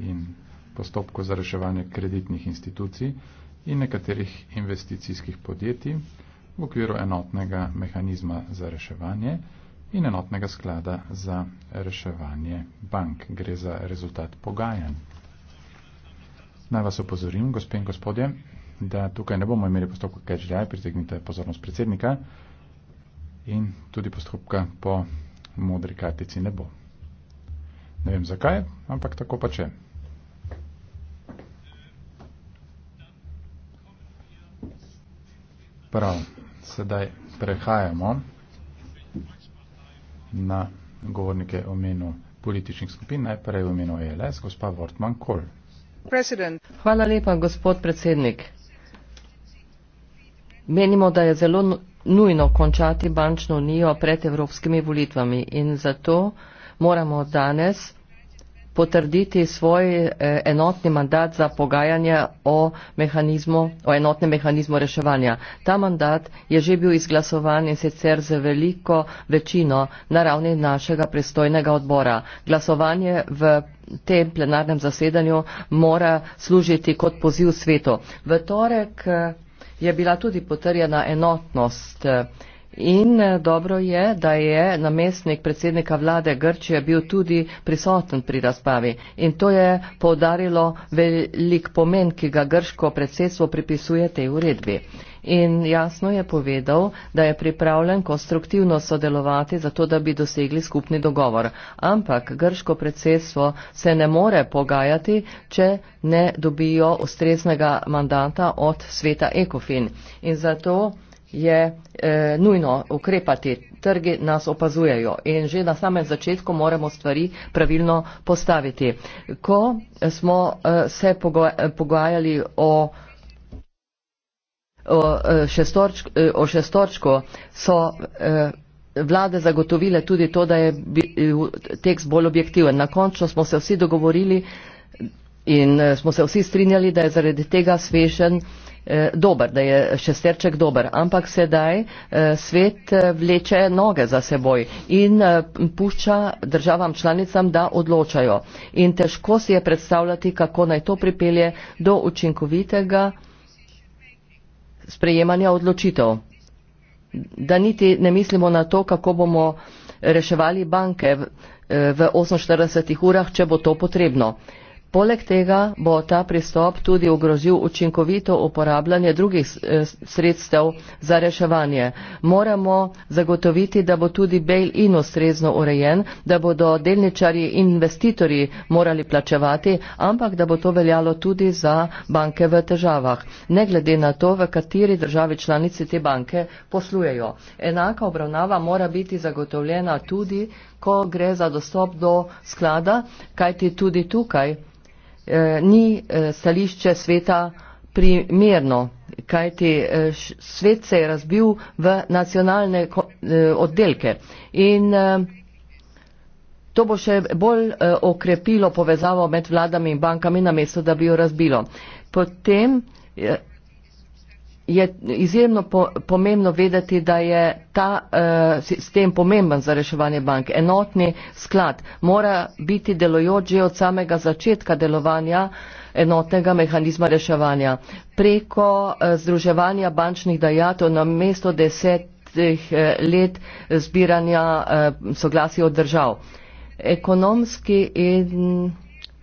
in postopkov za reševanje kreditnih institucij in nekaterih investicijskih podjetij v okviru enotnega mehanizma za reševanje in enotnega sklada za reševanje bank. Gre za rezultat pogajanj. Naj vas opozorim, gospe in gospodje, da tukaj ne bomo imeli postopka catch-dry, pritegnite pozornost predsednika in tudi postopka po modri kartici ne bo. Ne vem zakaj, ampak tako pa če. Prav, sedaj prehajamo na govornike o menu političnih skupin, najprej o menu ELS, gospa Wortman Kohl. Hvala lepa, gospod predsednik. Menimo, da je zelo nujno končati bančno unijo pred evropskimi volitvami in zato moramo danes potrditi svoj eh, enotni mandat za pogajanje o, o enotnem mehanizmu reševanja. Ta mandat je že bil izglasovan in sicer z veliko večino na ravni našega pristojnega odbora. Glasovanje v tem plenarnem zasedanju mora služiti kot poziv svetu. V torek eh, je bila tudi potrjena enotnost eh, In eh, dobro je, da je namestnik predsednika vlade Grčije bil tudi prisoten pri razpravi. In to je povdarilo velik pomen, ki ga grško predsedstvo pripisuje tej uredbi. In jasno je povedal, da je pripravljen konstruktivno sodelovati, zato da bi dosegli skupni dogovor. Ampak grško predsedstvo se ne more pogajati, če ne dobijo ustreznega mandata od sveta Ekofin. In zato je eh, nujno ukrepati. Trgi nas opazujejo in že na samem začetku moramo stvari pravilno postaviti. Ko smo eh, se pogajali o, o, eh, šestorč, eh, o šestorčku, so. Eh, Vlade zagotovile tudi to, da je eh, tekst bolj objektiven. Na koncu smo se vsi dogovorili in smo se vsi strinjali, da je zaradi tega svešen eh, eh, dober, da je šesterček dober, ampak sedaj eh, svet eh, vleče noge za seboj in eh, pušča državam članicam, da odločajo. In težko si je predstavljati, kako naj to pripelje do učinkovitega sprejemanja odločitev. Da niti ne mislimo na to, kako bomo reševali banke v 48 eh, urah, če bo to potrebno. Eh, Poleg tega bo ta pristop tudi ogrozil učinkovito uporabljanje drugih eh, sredstev za reševanje. Moramo zagotoviti, da bo tudi bail-in ustrezno urejen, da bodo delničari in investitorji morali plačevati, ampak da bo to veljalo tudi za banke v težavah, ne glede na to, v kateri državi članici te banke poslujejo. Enaka obravnava mora biti zagotovljena tudi, ko gre za dostop do sklada, kajti tudi tukaj Eh, ni eh, stališče sveta primerno, kajti eh, svet se je razbil v nacionalne oddelke. In to bo še bolj okrepilo povezavo med vladami in bankami, namesto da bi jo razbilo. Potem je izjemno po, pomembno vedeti, da je ta uh, sistem pomemben za reševanje bank. Enotni sklad mora biti delojoč že od samega začetka delovanja enotnega mehanizma reševanja preko uh, združevanja bančnih dajatov na mesto desetih uh, let zbiranja uh, soglasij od držav. Ekonomski in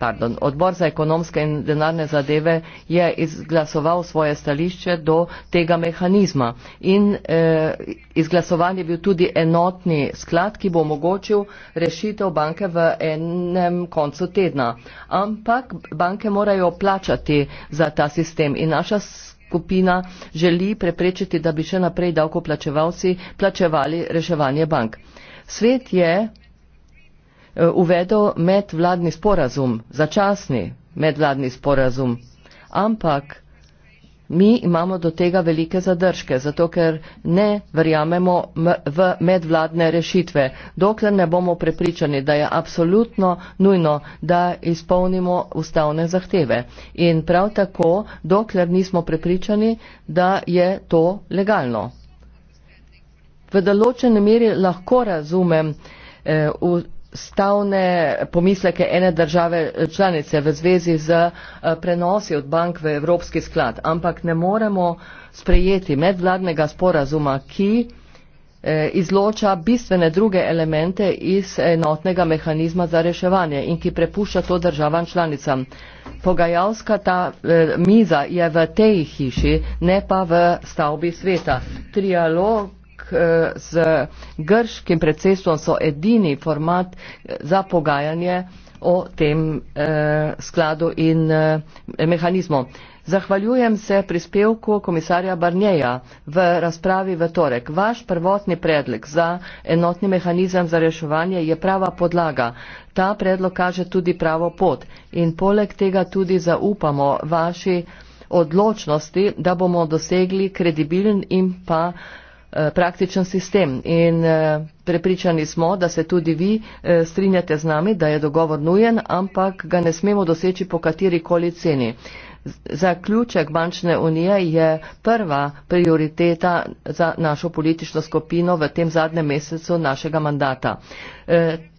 pardon, odbor za ekonomske in denarne zadeve je izglasoval svoje stališče do tega mehanizma in eh, izglasovan je bil tudi enotni sklad, ki bo omogočil rešitev banke v enem koncu tedna. Ampak banke morajo plačati za ta sistem in naša skupina želi preprečiti, da bi še naprej davkoplačevalci plačevali reševanje bank. Svet je Eh, uvedel medvladni sporazum, začasni medvladni sporazum. Ampak mi imamo do tega velike zadržke, zato ker ne verjamemo v medvladne rešitve, dokler ne bomo prepričani, da je absolutno nujno, da izpolnimo ustavne zahteve. In prav tako, dokler nismo prepričani, da je to legalno. V določenem meri lahko razumem eh, stavne pomisleke ene države eh, članice v zvezi z eh, prenosi od bank v Evropski sklad, ampak ne moremo sprejeti medvladnega sporazuma, ki eh, izloča bistvene druge elemente iz enotnega mehanizma za reševanje in ki prepušča to državam članicam. Pogajalska ta miza je v tej hiši, ne pa v stavbi sveta. Trialog z grškim predsedstvom so edini format za pogajanje o tem eh, skladu in eh, mehanizmu. Zahvaljujem se prispevku komisarja Barnjeja v razpravi v torek. Vaš prvotni predlog za enotni mehanizem za reševanje je prava podlaga. Ta predlog kaže tudi pravo pot in poleg tega tudi zaupamo vaši odločnosti, da bomo dosegli kredibilen in pa eh, Eh, praktičen sistem in eh, prepričani smo, da se tudi vi eh, strinjate z nami, da je dogovor nujen, ampak ga ne smemo doseči po kateri koli ceni. Zaključek bančne unije je prva prioriteta za našo politično skupino v tem zadnjem mesecu našega mandata.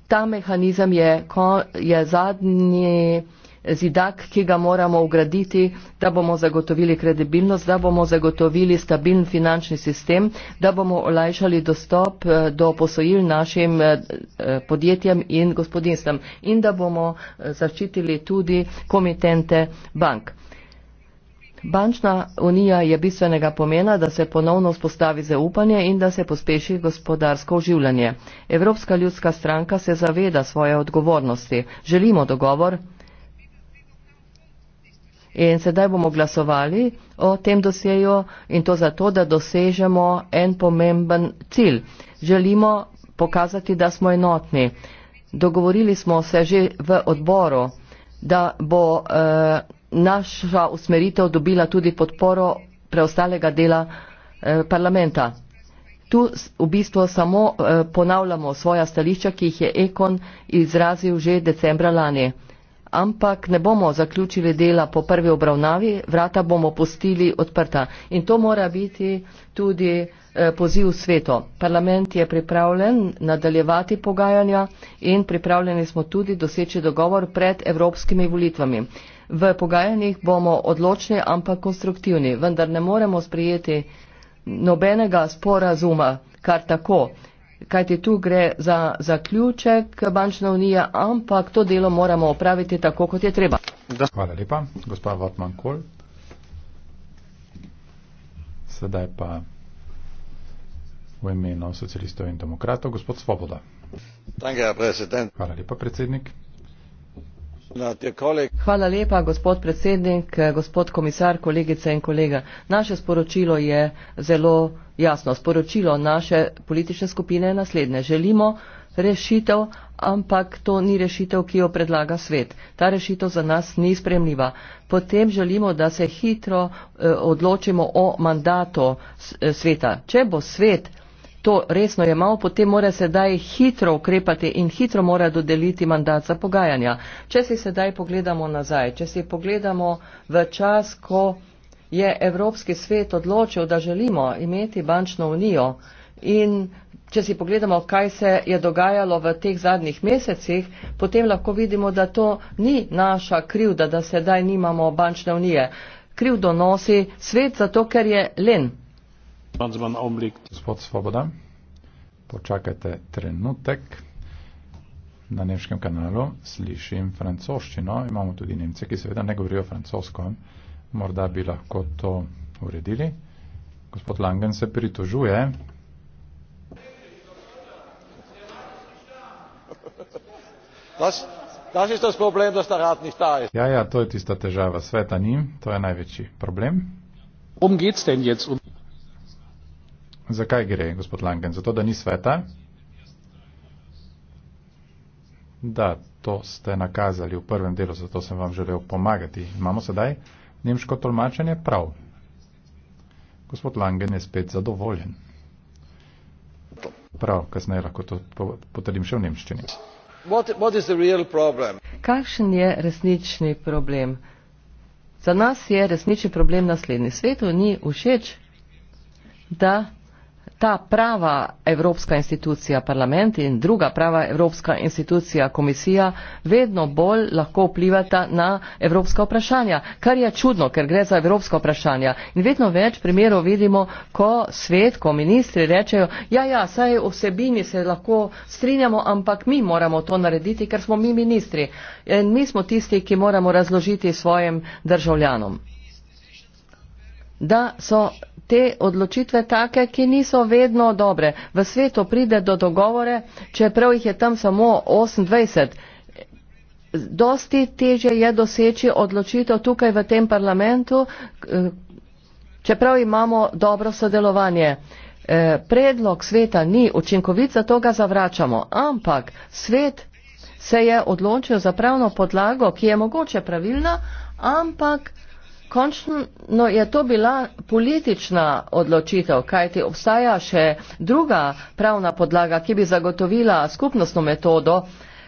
Ta mehanizem je, ko je zadnji zidak, ki ga moramo ugraditi, da bomo zagotovili kredibilnost, da bomo zagotovili stabilen finančni sistem, da bomo olajšali dostop eh, do posojil našim eh, eh, podjetjem in gospodinstvam in da bomo zaščitili tudi komitente bank. Bančna unija je bistvenega pomena, da se ponovno vzpostavi zaupanje in da se pospeši gospodarsko oživljanje. Evropska ljudska stranka se zaveda svoje odgovornosti. Želimo dogovor. In sedaj bomo glasovali o tem dosjeju in to zato, da dosežemo en pomemben cilj. Želimo pokazati, da smo enotni. Dogovorili smo se že v odboru, da bo eh, naša usmeritev dobila tudi podporo preostalega dela eh, parlamenta. Tu v bistvu samo eh, ponavljamo svoja stališča, ki jih je Ekon izrazil že decembra lani ampak ne bomo zaključili dela po prvi obravnavi, vrata bomo pustili odprta. In to mora biti tudi eh, poziv svetu. Parlament je pripravljen nadaljevati pogajanja in pripravljeni smo tudi doseči dogovor pred evropskimi volitvami. V pogajanjih bomo odločni, ampak konstruktivni, vendar ne moremo sprijeti nobenega sporazuma kar tako kajti tu gre za zaključek bančna unija, ampak to delo moramo opraviti tako, kot je treba. Da. Hvala lepa, gospod Vatman Kol. Sedaj pa v imenu socialistov in demokratov, gospod Svoboda. Hvala lepa, predsednik. Hvala lepa, gospod predsednik, gospod komisar, kolegice in kolega. Naše sporočilo je zelo jasno. Sporočilo naše politične skupine je naslednje. Želimo rešitev, ampak to ni rešitev, ki jo predlaga svet. Ta rešitev za nas ni spremljiva. Potem želimo, da se hitro eh, odločimo o mandatu eh, sveta. Če bo svet to resno jemal, potem mora sedaj hitro ukrepati in hitro mora dodeliti mandat za pogajanja. Če si sedaj pogledamo nazaj, če si pogledamo v čas, ko je Evropski svet odločil, da želimo imeti bančno unijo in če si pogledamo, kaj se je dogajalo v teh zadnjih mesecih, potem lahko vidimo, da to ni naša krivda, da sedaj nimamo bančne unije. Krivdo nosi svet zato, ker je len. Gospod Svoboda, počakajte trenutek. Na nemškem kanalu slišim francoščino. Imamo tudi Nemce, ki seveda ne govorijo francosko. Morda bi lahko to uredili. Gospod Langen se pritožuje. Das, das ist das problem, dass der Rat nicht da ist. Ja, ja, to je tista težava. Sveta ni, to je največji problem. Um geht's denn jetzt? Um Zakaj gre, gospod Langen? Zato, da ni sveta? Da, to ste nakazali v prvem delu, zato sem vam želel pomagati. Imamo sedaj nemško tolmačenje? Prav. Gospod Langen je spet zadovoljen. Prav, kasneje lahko to potrdim še v nemščini. Kakšen je resnični problem? Za nas je resnični problem naslednji. Svetu ni všeč, da ta prava evropska institucija parlament in druga prava evropska institucija komisija vedno bolj lahko vplivata na evropska vprašanja, kar je čudno, ker gre za evropska vprašanja. In vedno več primerov vidimo, ko svet, ko ministri rečejo, ja, ja, saj osebini se lahko strinjamo, ampak mi moramo to narediti, ker smo mi ministri. In mi smo tisti, ki moramo razložiti svojim državljanom. Da so te odločitve take, ki niso vedno dobre. V svetu pride do dogovore, čeprav jih je tam samo 28. Dosti teže je doseči odločitev tukaj v tem parlamentu, eh, čeprav imamo dobro sodelovanje. Eh, predlog sveta ni učinkovit, zato ga zavračamo. Ampak svet se je odločil za pravno podlago, ki je mogoče pravilna, ampak Končno no, je to bila politična odločitev, kajti obstaja še druga pravna podlaga, ki bi zagotovila skupnostno metodo,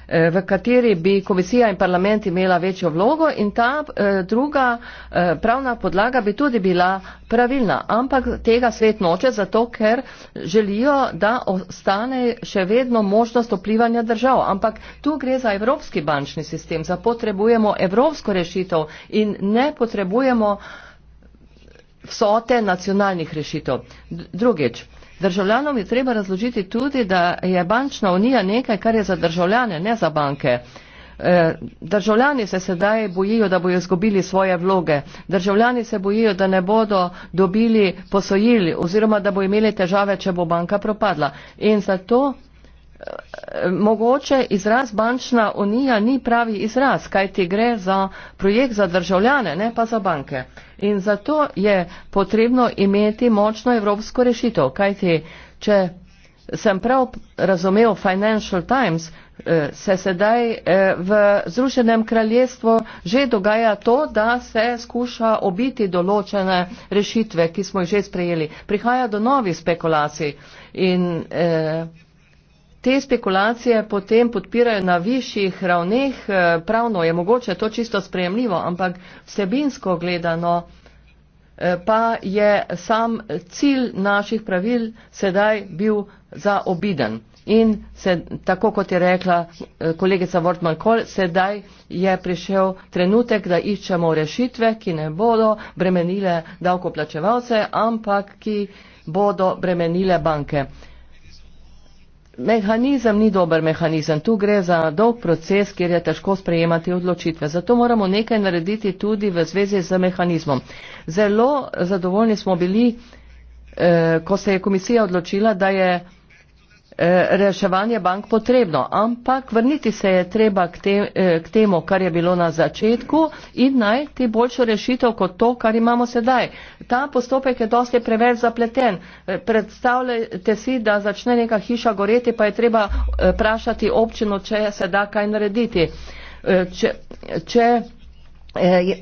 Eh, v kateri bi komisija in parlament imela večjo vlogo in ta eh, druga eh, pravna podlaga bi tudi bila pravilna. Ampak tega svet noče, zato ker želijo, da ostane še vedno možnost vplivanja držav. Ampak tu gre za evropski bančni sistem, za potrebujemo evropsko rešitev in ne potrebujemo vsote nacionalnih rešitev. Drugič. Državljanom je treba razložiti tudi, da je bančna unija nekaj, kar je za državljane, ne za banke. E, državljani se sedaj bojijo, da bojo izgubili svoje vloge. Državljani se bojijo, da ne bodo dobili posojili oziroma da bo imeli težave, če bo banka propadla. In zato mogoče izraz bančna unija ni pravi izraz, kaj ti gre za projekt za državljane, ne pa za banke. In zato je potrebno imeti močno evropsko rešitev, kaj ti, če sem prav razumel Financial Times, eh, se sedaj eh, v Združenem kraljestvu že dogaja to, da se skuša obiti določene rešitve, ki smo jih že sprejeli. Prihaja do novih spekulacij in eh, te spekulacije potem podpirajo na višjih ravneh, eh, pravno je mogoče to čisto sprejemljivo, ampak vsebinsko gledano eh, pa je sam cilj naših pravil sedaj bil zaobiden. In se, tako kot je rekla eh, kolegica Wortman Kohl, sedaj je prišel trenutek, da iščemo rešitve, ki ne bodo bremenile davkoplačevalce, ampak ki bodo bremenile banke mehanizem ni dober mehanizem, tu gre za dolg proces, kjer je težko sprejemati odločitve. Zato moramo nekaj narediti tudi v zvezi z mehanizmom. Zelo zadovoljni smo bili, eh, ko se je komisija odločila, da je. Eh, reševanje bank potrebno, ampak vrniti se je treba k, te, eh, k temu, kar je bilo na začetku in najti boljšo rešitev kot to, kar imamo sedaj. Ta postopek je dosti preveč zapleten. Eh, predstavljajte si, da začne neka hiša goreti, pa je treba vprašati občino, če se da kaj narediti. Če, če Eh,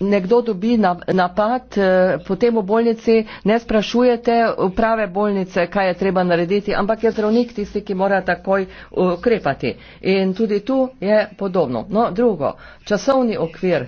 nekdo dobi napad, eh, potem v bolnici ne sprašujete uprave bolnice, kaj je treba narediti, ampak je zdravnik tisti, ki mora takoj ukrepati. In tudi tu je podobno. No, drugo, časovni okvir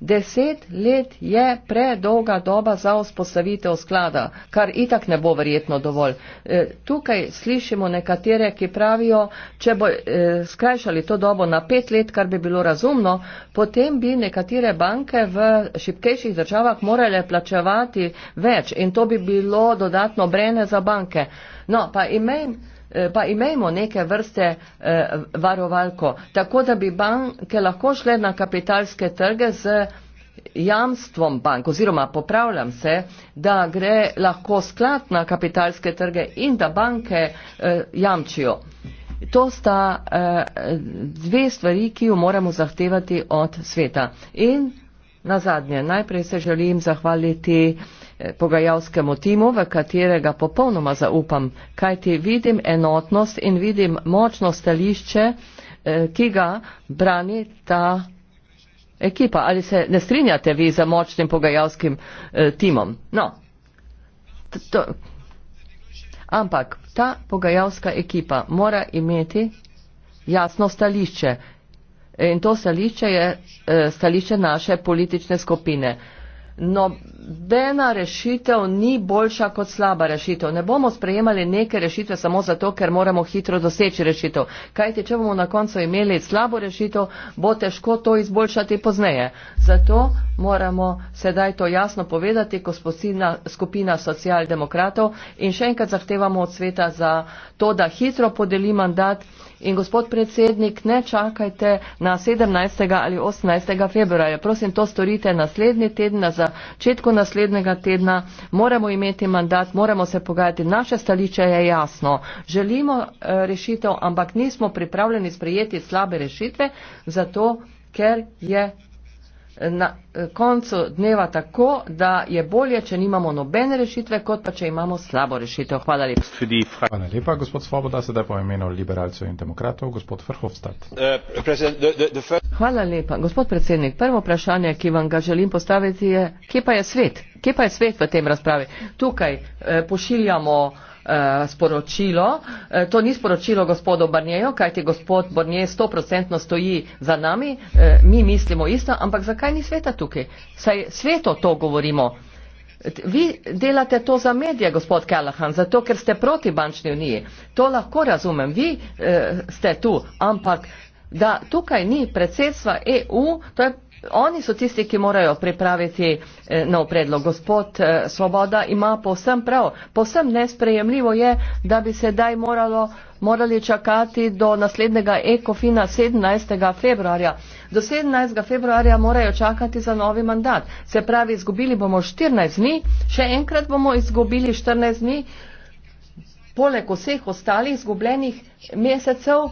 Deset let je predolga doba za vzpostavitev sklada, kar itak ne bo verjetno dovolj. E, tukaj slišimo nekatere, ki pravijo, če bo e, skrajšali to dobo na pet let, kar bi bilo razumno, potem bi nekatere banke v šipkejših državah morale plačevati več in to bi bilo dodatno breme za banke. No, pa imej. Eh, pa imejmo neke vrste eh, varovalko, tako da bi banke lahko šle na kapitalske trge z jamstvom bank oziroma popravljam se, da gre lahko sklad na kapitalske trge in da banke eh, jamčijo. To sta dve stvari, ki jo moramo zahtevati od sveta. In na zadnje, najprej se želim zahvaliti uh, Eh, pogajalskemu timu, v katerega popolnoma zaupam, kajti vidim enotnost in vidim močno stališče, eh, ki ga brani ta ekipa. Ali se ne strinjate vi za močnim pogajalskim eh, timom? No. To. Ampak ta pogajalska ekipa mora imeti jasno stališče. In to stališče je stališče naše politične skupine nobena rešitev ni boljša kot slaba rešitev. Ne bomo sprejemali neke rešitve samo zato, ker moramo hitro doseči rešitev. Kajti, če bomo na koncu imeli slabo rešitev, bo težko to izboljšati pozneje. Zato moramo sedaj to jasno povedati, ko sposilna skupina socialdemokratov in še enkrat zahtevamo od sveta za to, da hitro podeli mandat. In gospod predsednik, ne čakajte na 17. ali 18. februarja. Prosim, to storite naslednji teden začetku naslednjega tedna moramo imeti mandat, moramo se pogajati. Naše stališče je jasno. Želimo eh, rešitev, ampak nismo pripravljeni sprejeti slabe rešitve, zato ker je na eh, koncu dneva tako, da je bolje, če nimamo nobene rešitve, kot pa če imamo slabo rešitev. Hvala lepa. Hvala lepa, gospod Svoboda, sedaj po imenu liberalcev in demokratov, gospod Vrhovstad. Eh, Hvala lepa. Gospod predsednik, prvo vprašanje, ki vam ga želim postaviti, je, kje pa je svet? Kje pa je svet v tem razpravi? Tukaj eh, pošiljamo eh, Eh, sporočilo. Eh, to ni sporočilo gospodu Barnjeju, kajti gospod Barnjej stoprocentno stoji za nami, eh, mi mislimo isto, ampak zakaj ni sveta tukaj? Saj sveto to govorimo. Vi delate to za medije, gospod Kalahan, zato ker ste proti bančni uniji. To lahko razumem, vi ste tu, ampak da tukaj ni predsedstva EU, to je Oni so tisti, ki morajo pripraviti eh, nov predlog. Gospod eh, Svoboda ima povsem prav. Povsem nesprejemljivo je, da bi sedaj moralo, morali čakati do naslednjega ekofina 17. februarja. Do 17. februarja morajo čakati za novi mandat. Se pravi, izgubili bomo 14 dni, še enkrat bomo izgubili 14 dni, poleg vseh ostalih izgubljenih mesecev.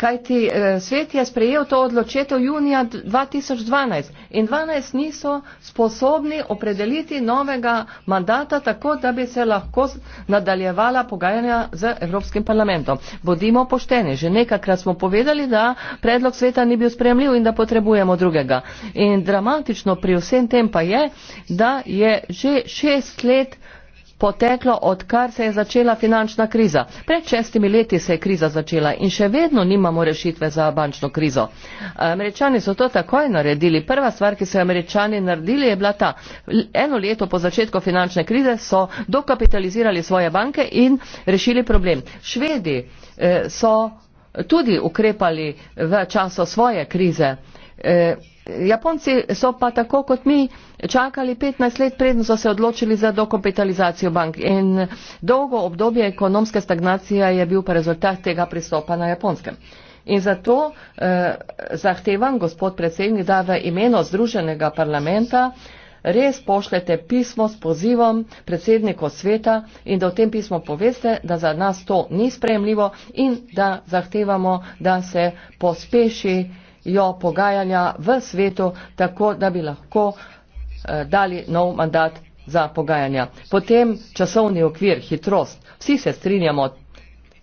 Kajti eh, svet je sprejel to odločitev junija 2012 in 12 niso sposobni opredeliti novega mandata tako, da bi se lahko nadaljevala pogajanja z Evropskim parlamentom. Bodimo pošteni, že nekakrat smo povedali, da predlog sveta ni bil spremljiv in da potrebujemo drugega. In dramatično pri vsem tem pa je, da je že šest let poteklo, odkar se je začela finančna kriza. Pred šestimi leti se je kriza začela in še vedno nimamo rešitve za bančno krizo. Američani so to takoj naredili. Prva stvar, ki so jo američani naredili, je bila ta. Eno leto po začetku finančne krize so dokapitalizirali svoje banke in rešili problem. Švedi eh, so tudi ukrepali v času svoje krize. Eh, Japonci so pa tako kot mi čakali 15 let, predno so se odločili za dokapitalizacijo bank. In dolgo obdobje ekonomske stagnacije je bil pa rezultat tega pristopa na Japonskem. In zato eh, zahtevam, gospod predsednik, da v imenu Združenega parlamenta res pošljete pismo s pozivom predsedniku sveta in da v tem pismu poveste, da za nas to ni sprejemljivo in da zahtevamo, da se pospeši jo pogajanja v svetu, tako da bi lahko eh, dali nov mandat za pogajanja. Potem časovni okvir, hitrost. Vsi se strinjamo.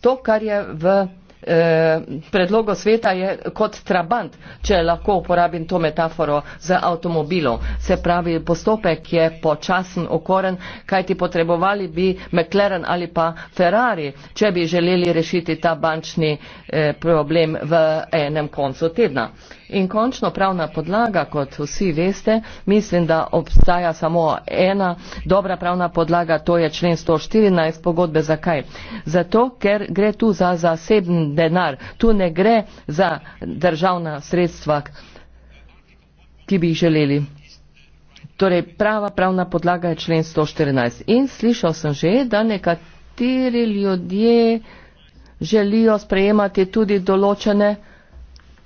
To, kar je v. Eh, predlogo sveta je kot trabant, če lahko uporabim to metaforo za avtomobilo. Se pravi, postopek je počasen, okoren, kaj ti potrebovali bi McLaren ali pa Ferrari, če bi želeli rešiti ta bančni eh, problem v enem koncu tedna. In končno pravna podlaga, kot vsi veste, mislim, da obstaja samo ena dobra pravna podlaga, to je člen 114 pogodbe. Zakaj? Zato, ker gre tu za zaseben denar, tu ne gre za državna sredstva, ki bi jih želeli. Torej, prava pravna podlaga je člen 114. In slišal sem že, da nekateri ljudje želijo sprejemati tudi določene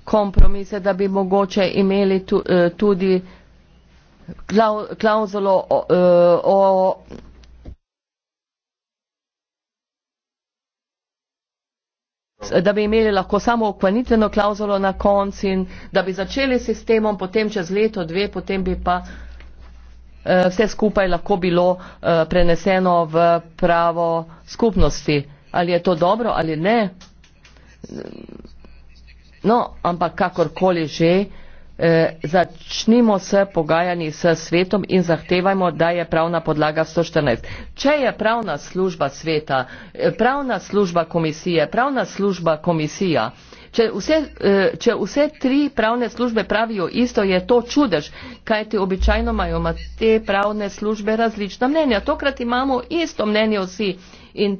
kompromise, da bi mogoče imeli eh, tudi klauzulo o. Eh, o da bi imeli lahko samo okvanitveno klauzulo na konci in da bi začeli s sistemom, potem čez leto, dve, potem bi pa eh, vse skupaj lahko bilo preneseno v pravo skupnosti. Ali je to dobro ali ne? No, ampak kakorkoli že, eh, začnimo se pogajanji s svetom in zahtevajmo, da je pravna podlaga 114. Če je pravna služba sveta, eh, pravna služba komisije, pravna služba komisija, Če vse, eh, če vse tri pravne službe pravijo isto, je to čudež, kaj ti običajno imajo te pravne službe različna mnenja. Tokrat imamo isto mnenje vsi in,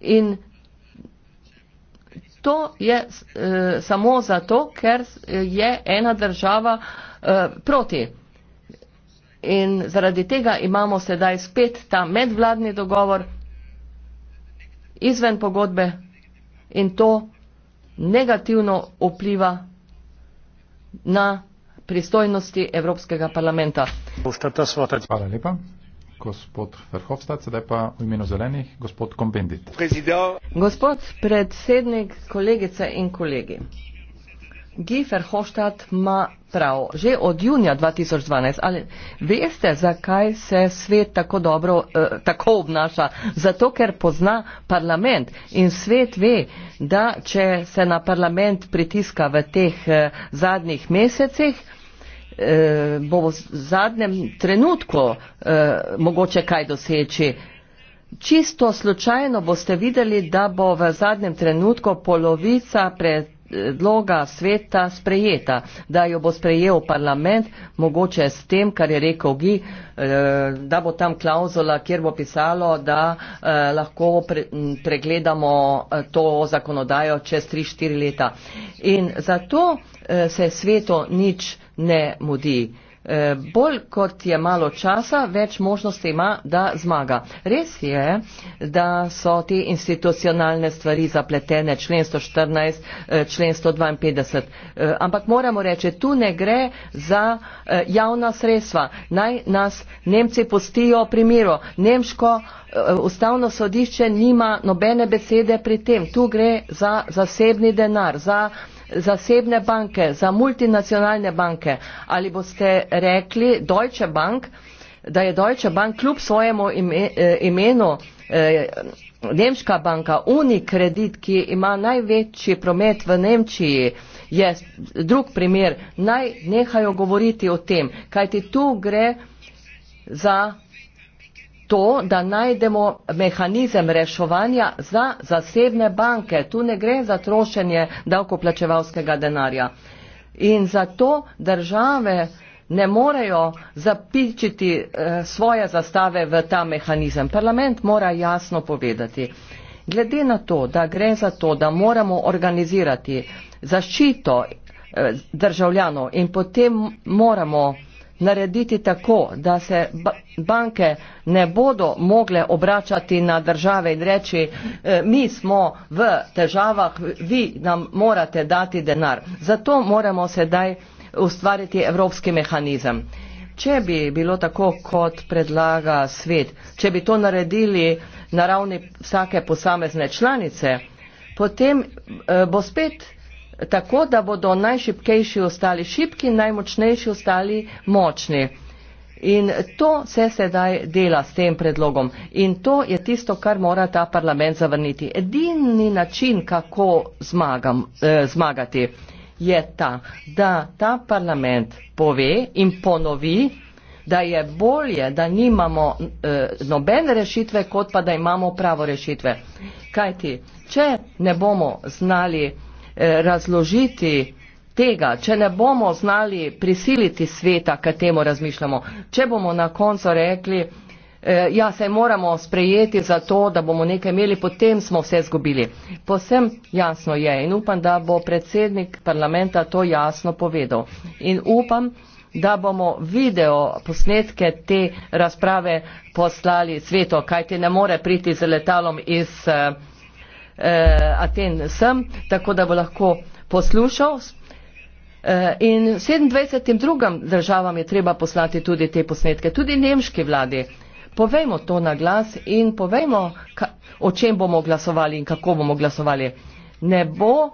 in to je e, samo zato, ker je ena država e, proti. In zaradi tega imamo sedaj spet ta medvladni dogovor izven pogodbe in to negativno vpliva na pristojnosti Evropskega parlamenta. Hvala lepa gospod Verhofstadt, sedaj pa v imenu zelenih gospod Kombendit. Gospod predsednik, kolegice in kolegi. Guy Verhofstadt ima prav. Že od junija 2012. Ali veste, zakaj se svet tako dobro eh, tako obnaša? Zato, ker pozna parlament in svet ve, da če se na parlament pritiska v teh eh, zadnjih mesecih, eh, bo v zadnjem trenutku eh, mogoče kaj doseči. Čisto slučajno boste videli, da bo v zadnjem trenutku polovica pred predloga sveta sprejeta, da jo bo sprejel parlament, mogoče s tem, kar je rekel Gi, eh, da bo tam klauzula, kjer bo pisalo, da eh, lahko pregledamo eh, to zakonodajo čez 3-4 leta. In zato se svetu nič ne mudi. Eh, bolj kot je malo časa, več možnosti ima, da zmaga. Res je, da so te institucionalne stvari zapletene, člen 114, eh, člen 152, eh, ampak moramo reči, tu ne gre za javna sredstva. Naj nas Nemci pustijo pri miru. Nemško ustavno sodišče nima nobene besede pri tem. Tu gre za zasebni denar, za zasebne banke, za multinacionalne banke, ali boste rekli Deutsche Bank, da je Deutsche Bank kljub svojemu ime, e, imenu eh, Nemška banka Unikredit, ki ima največji promet v Nemčiji, je drug primer, naj nehajo govoriti o tem, kajti tu gre za to, da najdemo mehanizem reševanja za zasebne banke. Tu ne gre za trošenje davkoplačevalskega denarja. In zato države ne morejo zapičiti eh, svoje zastave v ta mehanizem. Parlament mora jasno povedati. Glede na to, da gre za to, da moramo organizirati zaščito eh, državljanov in potem moramo eh, narediti tako, da se ba banke ne bodo mogle obračati na države in reči, eh, mi smo v težavah, vi nam morate dati denar. Zato moramo sedaj ustvariti evropski mehanizem. Če bi bilo tako, kot predlaga svet, če bi to naredili na ravni vsake posamezne članice, potem eh, bo spet tako, da bodo najšipkejši ostali šipki, najmočnejši ostali močni. In to se sedaj dela s tem predlogom. In to je tisto, kar mora ta parlament zavrniti. Edini način, kako zmagam, eh, zmagati, je ta, da ta parlament pove in ponovi, da je bolje, da nimamo eh, nobene rešitve, kot pa da imamo pravo rešitve. Kajti, če ne bomo znali Eh, razložiti tega, če ne bomo znali prisiliti sveta, kaj temu razmišljamo, če bomo na koncu rekli, eh, ja, se moramo sprejeti za to, da bomo nekaj imeli, potem smo vse zgubili. Posem jasno je in upam, da bo predsednik parlamenta to jasno povedal. In upam, da bomo video posnetke te razprave poslali svetu, kajti ne more priti z letalom iz. Uh, eh, Aten sem, tako da bo lahko poslušal. Eh, in 27. drugim državam je treba poslati tudi te posnetke, tudi nemški vladi. Povejmo to na glas in povejmo, ka, o čem bomo glasovali in kako bomo glasovali. Ne bo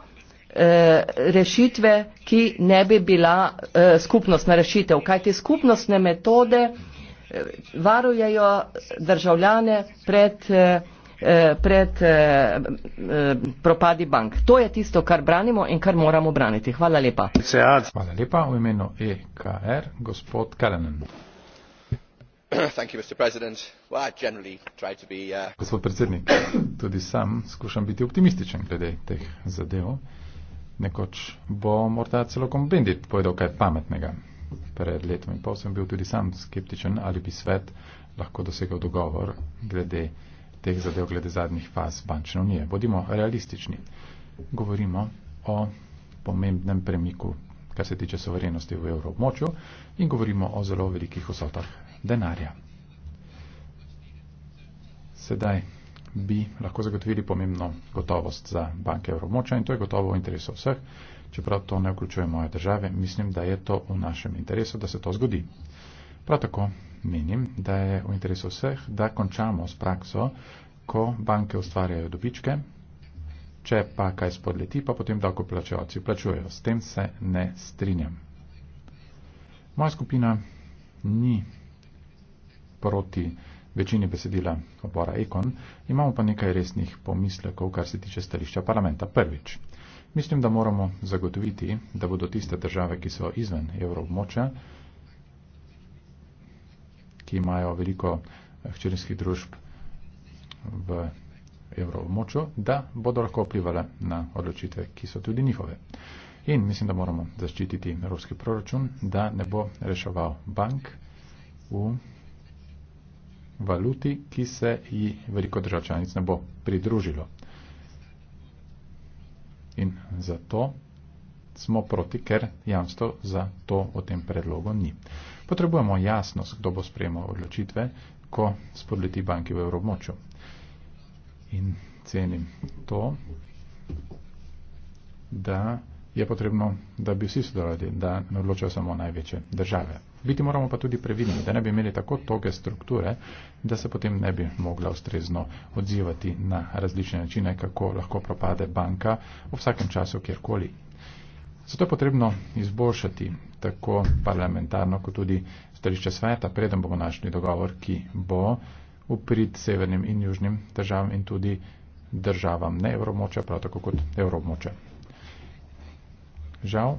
eh, rešitve, ki ne bi bila eh, skupnostna rešitev, kajti skupnostne metode eh, varujejo državljane pred. Eh, Eh, pred eh, eh, propadi bank. To je tisto, kar branimo in kar moramo braniti. Hvala lepa. Hvala lepa v imenu EKR, gospod Karanen. Uh, gospod predsednik, tudi sam skušam biti optimističen glede teh zadev. Nekoč bo morda celo kombendit povedal kaj pametnega. Pred letom in pol sem bil tudi sam skeptičen, ali bi svet lahko dosegal dogovor glede teh zadev glede zadnjih faz bančne unije. Bodimo realistični. Govorimo o pomembnem premiku, kar se tiče soverenosti v evroobmočju in govorimo o zelo velikih vsotah denarja. Sedaj bi lahko zagotovili pomembno gotovost za banke evroobmočja in to je gotovo v interesu vseh. Čeprav to ne vključuje moje države, mislim, da je to v našem interesu, da se to zgodi. Prav tako menim, da je v interesu vseh, da končamo s prakso, ko banke ustvarjajo dobičke, če pa kaj spodleti, pa potem davkoplačevalci plačujejo. S tem se ne strinjam. Moja skupina ni proti večini besedila odbora Ekon, imamo pa nekaj resnih pomislekov, kar se tiče stališča parlamenta. Prvič. Mislim, da moramo zagotoviti, da bodo tiste države, ki so izven evroobmočja, ki imajo veliko eh, hčerinskih družb v evroobmočju, da bodo lahko vplivali na odločitve, ki so tudi njihove. In mislim, da moramo zaščititi evropski proračun, da ne bo reševal bank v valuti, ki se ji veliko državčanic ne bo pridružilo. In zato smo proti, ker jamstvo za to v tem predlogu ni. Potrebujemo jasnost, kdo bo sprejemal odločitve, ko spodleti banki v evromočju. In cenim to, da je potrebno, da bi vsi sodelovali, da ne odločajo samo največje države. Biti moramo pa tudi previdni, da ne bi imeli tako toge strukture, da se potem ne bi mogla ustrezno odzivati na različne načine, kako lahko propade banka v vsakem času, kjerkoli Zato je potrebno izboljšati tako parlamentarno, kot tudi stališče sveta, preden bomo našli dogovor, ki bo uprit severnim in južnim državam in tudi državam ne evromoča, prav tako kot evromoča. Žal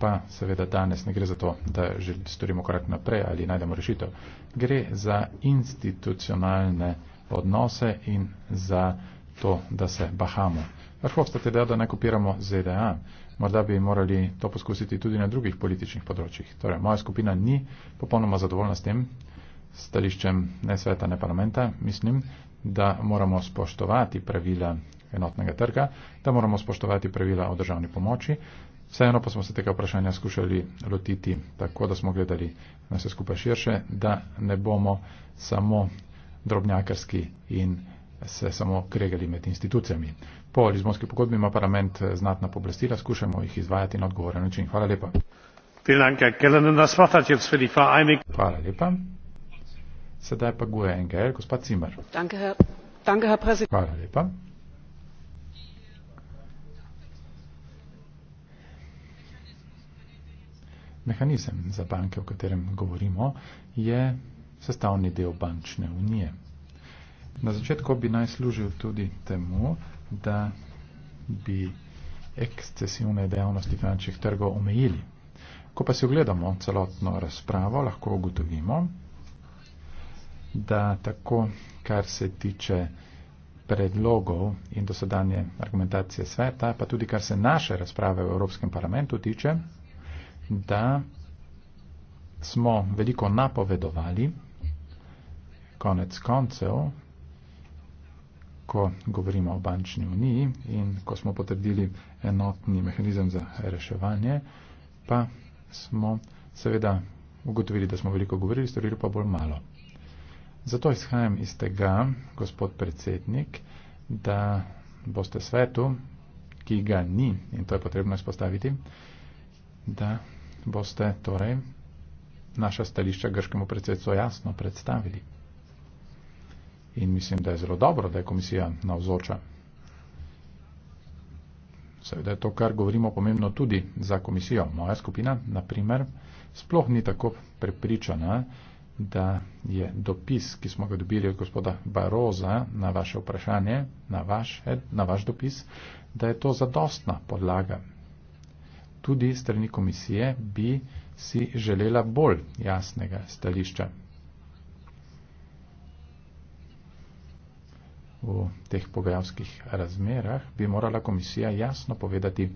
pa seveda danes ne gre za to, da želimo storimo korak naprej ali najdemo rešitev. Gre za institucionalne odnose in za to, da se bahamo. Vrhovstvo te da, da ne kopiramo ZDA, morda bi morali to poskusiti tudi na drugih političnih področjih. Torej, moja skupina ni popolnoma zadovoljna s tem stališčem ne sveta, ne parlamenta. Mislim, da moramo spoštovati pravila enotnega trga, da moramo spoštovati pravila o državni pomoči. Vseeno pa smo se tega vprašanja skušali lotiti tako, da smo gledali na vse skupaj širše, da ne bomo samo drobnjakarski in se samo kregali med institucijami. Po Lizbonski pogodbi ima parlament eh, znatna pooblastila, skušamo jih izvajati na odgovoren način. Hvala lepa. Hvala lepa. Sedaj pa Gue NGL, gospod Cimer. Hvala lepa. Mehanizem za banke, o katerem govorimo, je sestavni del bančne unije. Na začetku bi naj služil tudi temu, da bi ekscesivne dejavnosti finančnih trgov omejili. Ko pa si ogledamo celotno razpravo, lahko ugotovimo, da tako, kar se tiče predlogov in dosedanje argumentacije sveta, pa tudi kar se naše razprave v Evropskem parlamentu tiče, da smo veliko napovedovali, konec koncev, ko govorimo o bančni uniji in ko smo potrdili enotni mehanizem za reševanje, pa smo seveda ugotovili, da smo veliko govorili, storili pa bolj malo. Zato izhajam iz tega, gospod predsednik, da boste svetu, ki ga ni, in to je potrebno izpostaviti, da boste torej naša stališča grškemu predsedstvu jasno predstavili in mislim, da je zelo dobro, da je komisija navzoča. Seveda je to, kar govorimo, pomembno tudi za komisijo. Moja skupina, naprimer, sploh ni tako prepričana, da je dopis, ki smo ga dobili od gospoda Baroza na vaše vprašanje, na vaš, na vaš dopis, da je to zadostna podlaga. Tudi strani komisije bi si želela bolj jasnega stališča. v teh pogajalskih razmerah, bi morala komisija jasno povedati,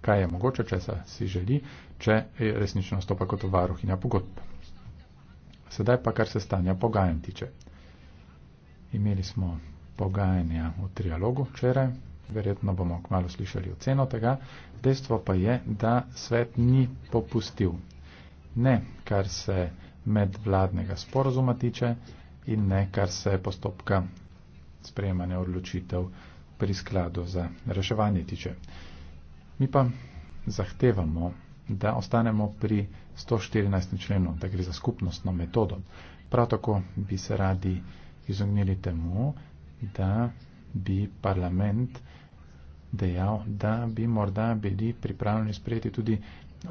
kaj je mogoče, če se si želi, če resnično nastopa kot varuhinja pogodb. Sedaj pa, kar se stanja pogajan tiče. Imeli smo pogajanja v trialogu včeraj, verjetno bomo kmalo slišali oceno tega, dejstvo pa je, da svet ni popustil. Ne, kar se medvladnega sporozuma tiče in ne, kar se postopka sprejemanja odločitev pri skladu za reševanje tiče. Mi pa zahtevamo, da ostanemo pri 114. členu, da gre za skupnostno metodo. Prav tako bi se radi izognili temu, da bi parlament dejal, da bi morda bili pripravljeni sprejeti tudi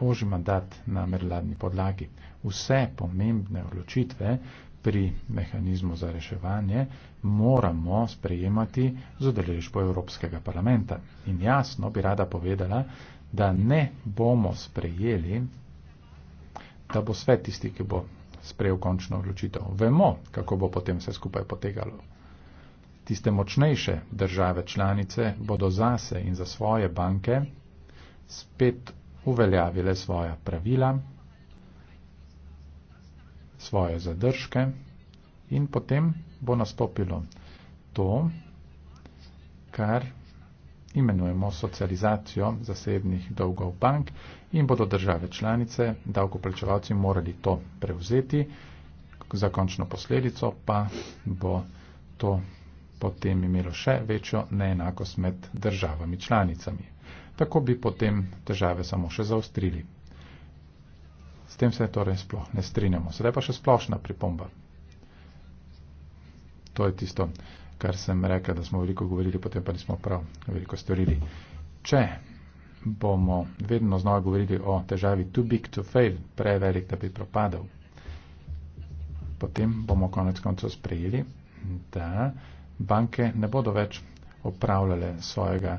oži mandat na medladni podlagi. Vse pomembne odločitve pri mehanizmu za reševanje moramo sprejemati z odeležbo Evropskega parlamenta. In jasno bi rada povedala, da ne bomo sprejeli, da bo svet tisti, ki bo sprejel končno odločitev. Vemo, kako bo potem vse skupaj potekalo. Tiste močnejše države članice bodo zase in za svoje banke spet uveljavile svoja pravila svoje zadržke in potem bo nastopilo to, kar imenujemo socializacijo zasebnih dolgov bank in bodo države članice, davkoplačevalci morali to prevzeti, za končno posledico pa bo to potem imelo še večjo neenakost med državami članicami. Tako bi potem težave samo še zaostrili. S tem se torej sploh ne strinjamo. Sedaj pa še splošna pripomba. To je tisto, kar sem rekel, da smo veliko govorili, potem pa nismo prav veliko storili. Če bomo vedno znova govorili o težavi too big to fail, prevelik, da bi propadal, potem bomo konec koncev sprejeli, da banke ne bodo več opravljale svojega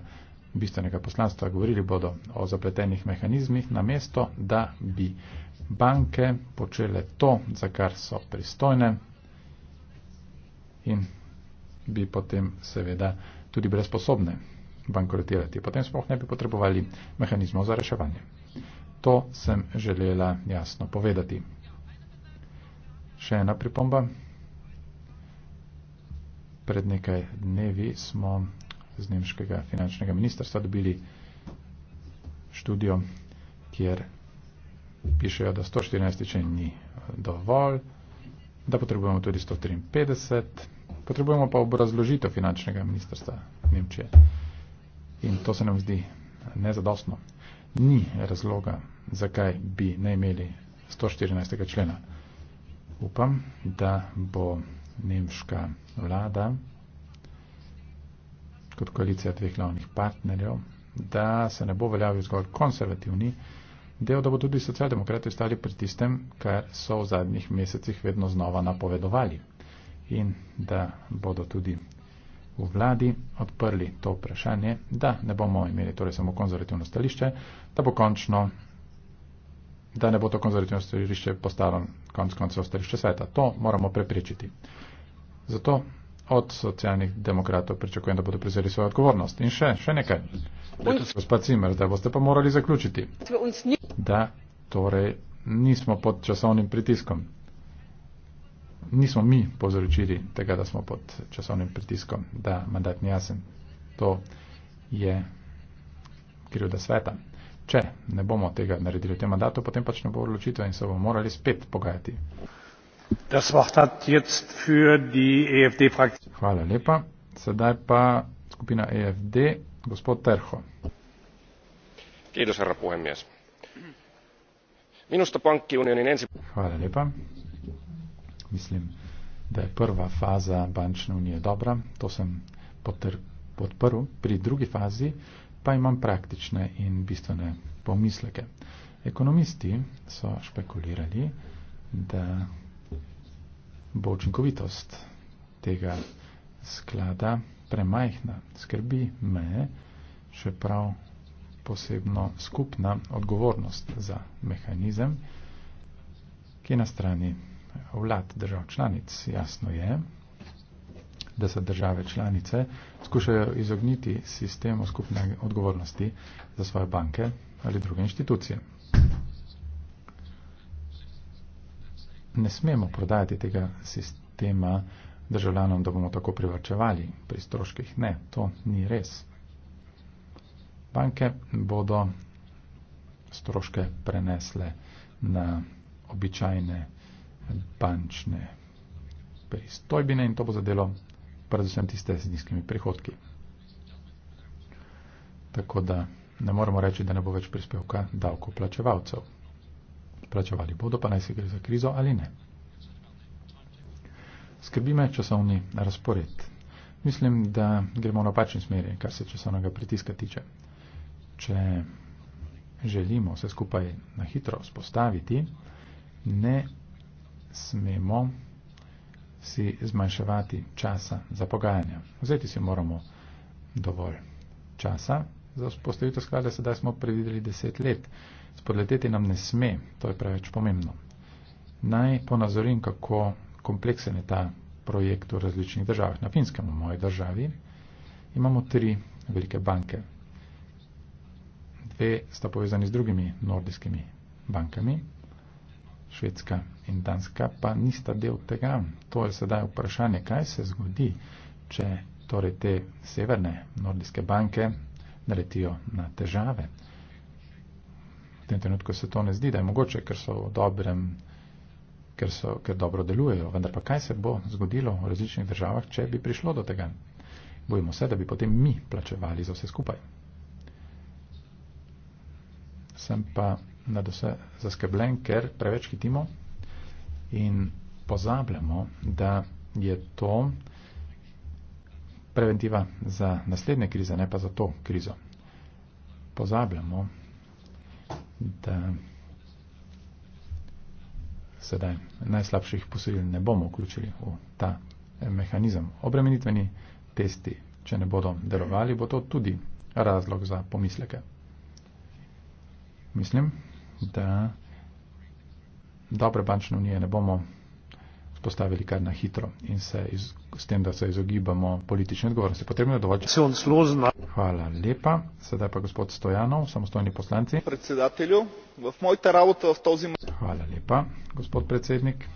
bistvenega poslanstva. Govorili bodo o zapletenih mehanizmih na mesto, da bi banke počele to, za kar so pristojne in bi potem seveda tudi brezposobne bankrotirati. Potem smo ne bi potrebovali mehanizmov za reševanje. To sem želela jasno povedati. Še ena pripomba. Pred nekaj dnevi smo z nemškega finančnega ministrstva dobili študijo, kjer pišejo, da 114 člen ni eh, dovolj, da potrebujemo tudi 153, potrebujemo pa obrazložitev finančnega ministrstva Nemčije. In to se nam zdi nezadostno. Ni razloga, zakaj bi ne imeli 114. člena. Upam, da bo nemška vlada kot koalicija dveh glavnih partnerjev, da se ne bo veljavil zgolj konservativni del, da bo tudi socialdemokrati ostali pri tistem, kar so v zadnjih mesecih vedno znova napovedovali in da bodo tudi v vladi odprli to vprašanje, da ne bomo imeli torej samo konzervativno stališče, da bo končno, da ne bo to konzervativno stališče postalo konc koncev stališče sveta. To moramo preprečiti. Zato od socialnih demokratov pričakujem, da bodo prizeli svojo odgovornost. In še, še nekaj. Gospod Cimer, da boste pa morali zaključiti. Da, torej nismo pod časovnim pritiskom. Nismo mi povzročili tega, da smo pod časovnim pritiskom, da mandat ni jasen. To je krivda sveta. Če ne bomo tega naredili v tem mandatu, potem pač ne bo odločitev in se bomo morali spet pogajati. E Hvala lepa. Sedaj pa skupina EFD, gospod Terho. Hvala lepa. Mislim, da je prva faza bančne unije dobra. To sem podprl. Pri drugi fazi pa imam praktične in bistvene pomisleke. Ekonomisti so špekulirali, da bo učinkovitost tega sklada premajhna. Skrbi me še prav posebno skupna odgovornost za mehanizem, ki je na strani vlad držav članic. Jasno je, da se države članice skušajo izogniti sistemu skupne odgovornosti za svoje banke ali druge inštitucije. ne smemo prodajati tega sistema državljanom, da bomo tako privrčevali pri stroških. Ne, to ni res. Banke bodo stroške prenesle na običajne bančne pristojbine in to bo zadelo predvsem tiste z nizkimi prihodki. Tako da ne moremo reči, da ne bo več prispevka davkoplačevalcev plačevali bodo, pa naj se gre za krizo ali ne. Skrbi me časovni razpored. Mislim, da gremo v napačni smeri, kar se časovnega pritiska tiče. Če želimo vse skupaj na hitro spostaviti, ne smemo si zmanjševati časa za pogajanja. Vzeti si moramo dovolj časa za spostavitev sklada, sedaj smo predvideli deset let. Spodleteti nam ne sme, to je preveč pomembno. Naj ponazorim, kako kompleksen je ta projekt v različnih državah. Na finskem, v moji državi, imamo tri velike banke. Dve sta povezani z drugimi nordijskimi bankami, švedska in danska, pa nista del tega. To je sedaj vprašanje, kaj se zgodi, če torej te severne nordijske banke naletijo na težave tem trenutku se to ne zdi, da je mogoče, ker so v dobrem, ker, so, ker dobro delujejo. Vendar pa kaj se bo zgodilo v različnih državah, če bi prišlo do tega? Bojimo se, da bi potem mi plačevali za vse skupaj. Sem pa nad vse zaskrbljen, ker preveč hitimo in pozabljamo, da je to preventiva za naslednje krize, ne pa za to krizo. Pozabljamo, da sedaj najslabših posojil ne bomo vključili v ta eh, mehanizem. Obremenitveni testi, če ne bodo delovali, bo to tudi razlog za pomisleke. Mislim, da dobre bančne unije ne bomo postavili kar na hitro in se iz, s tem, da se izogibamo politični odgovornosti. Potrebno je dovolj. Hvala lepa. Sedaj pa gospod Stojanov, samostojni poslanci. Predsedatelju, v moj teravot v to zimo. Hvala lepa, gospod predsednik.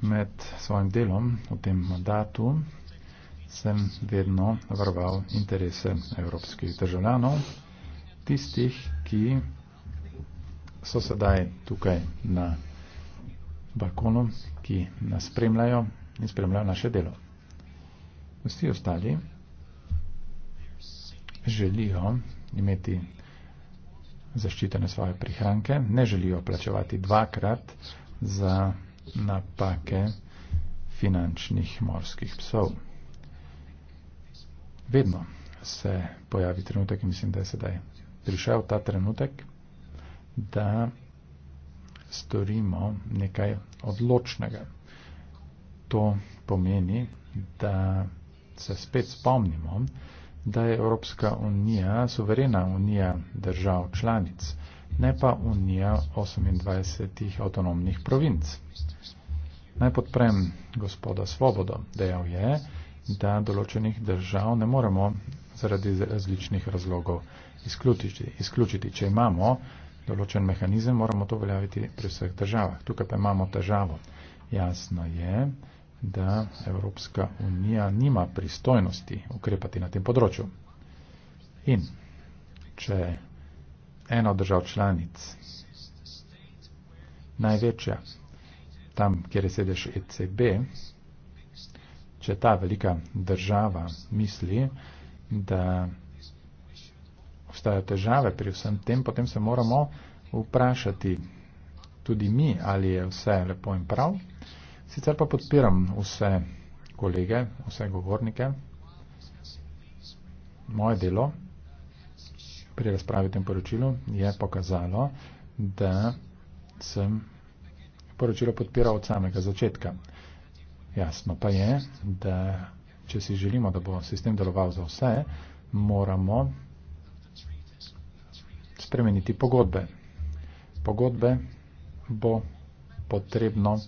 Med svojim delom v tem mandatu sem vedno varoval interese evropskih državljanov, tistih, ki so sedaj tukaj na balkonom, ki nas spremljajo in spremljajo naše delo. Vsi ostali želijo imeti zaščitene svoje prihranke, ne želijo plačevati dvakrat za napake finančnih morskih psov. Vedno se pojavi trenutek in mislim, da je sedaj prišel ta trenutek, da storimo nekaj odločnega. To pomeni, da se spet spomnimo, da je Evropska unija suverena unija držav članic, ne pa unija 28 avtonomnih provinc. Naj podprem gospoda Svobodo, dejal je, da določenih držav ne moremo zaradi različnih razlogov izključiti. izključiti. Če imamo določen mehanizem, moramo to veljaviti pri vseh državah. Tukaj pa imamo težavo. Jasno je, da Evropska unija nima pristojnosti ukrepati na tem področju. In če ena od držav članic, največja, tam, kjer je sedež ECB, če ta velika država misli, da obstajajo težave pri vsem tem, potem se moramo vprašati tudi mi, ali je vse lepo in prav. Sicer pa podpiram vse kolege, vse govornike. Moje delo pri razpravi tem poročilu je pokazalo, da sem poročilo podpiral od samega začetka. Jasno pa je, da če si želimo, da bo sistem deloval za vse, moramo spremeniti pogodbe. Pogodbe bo potrebno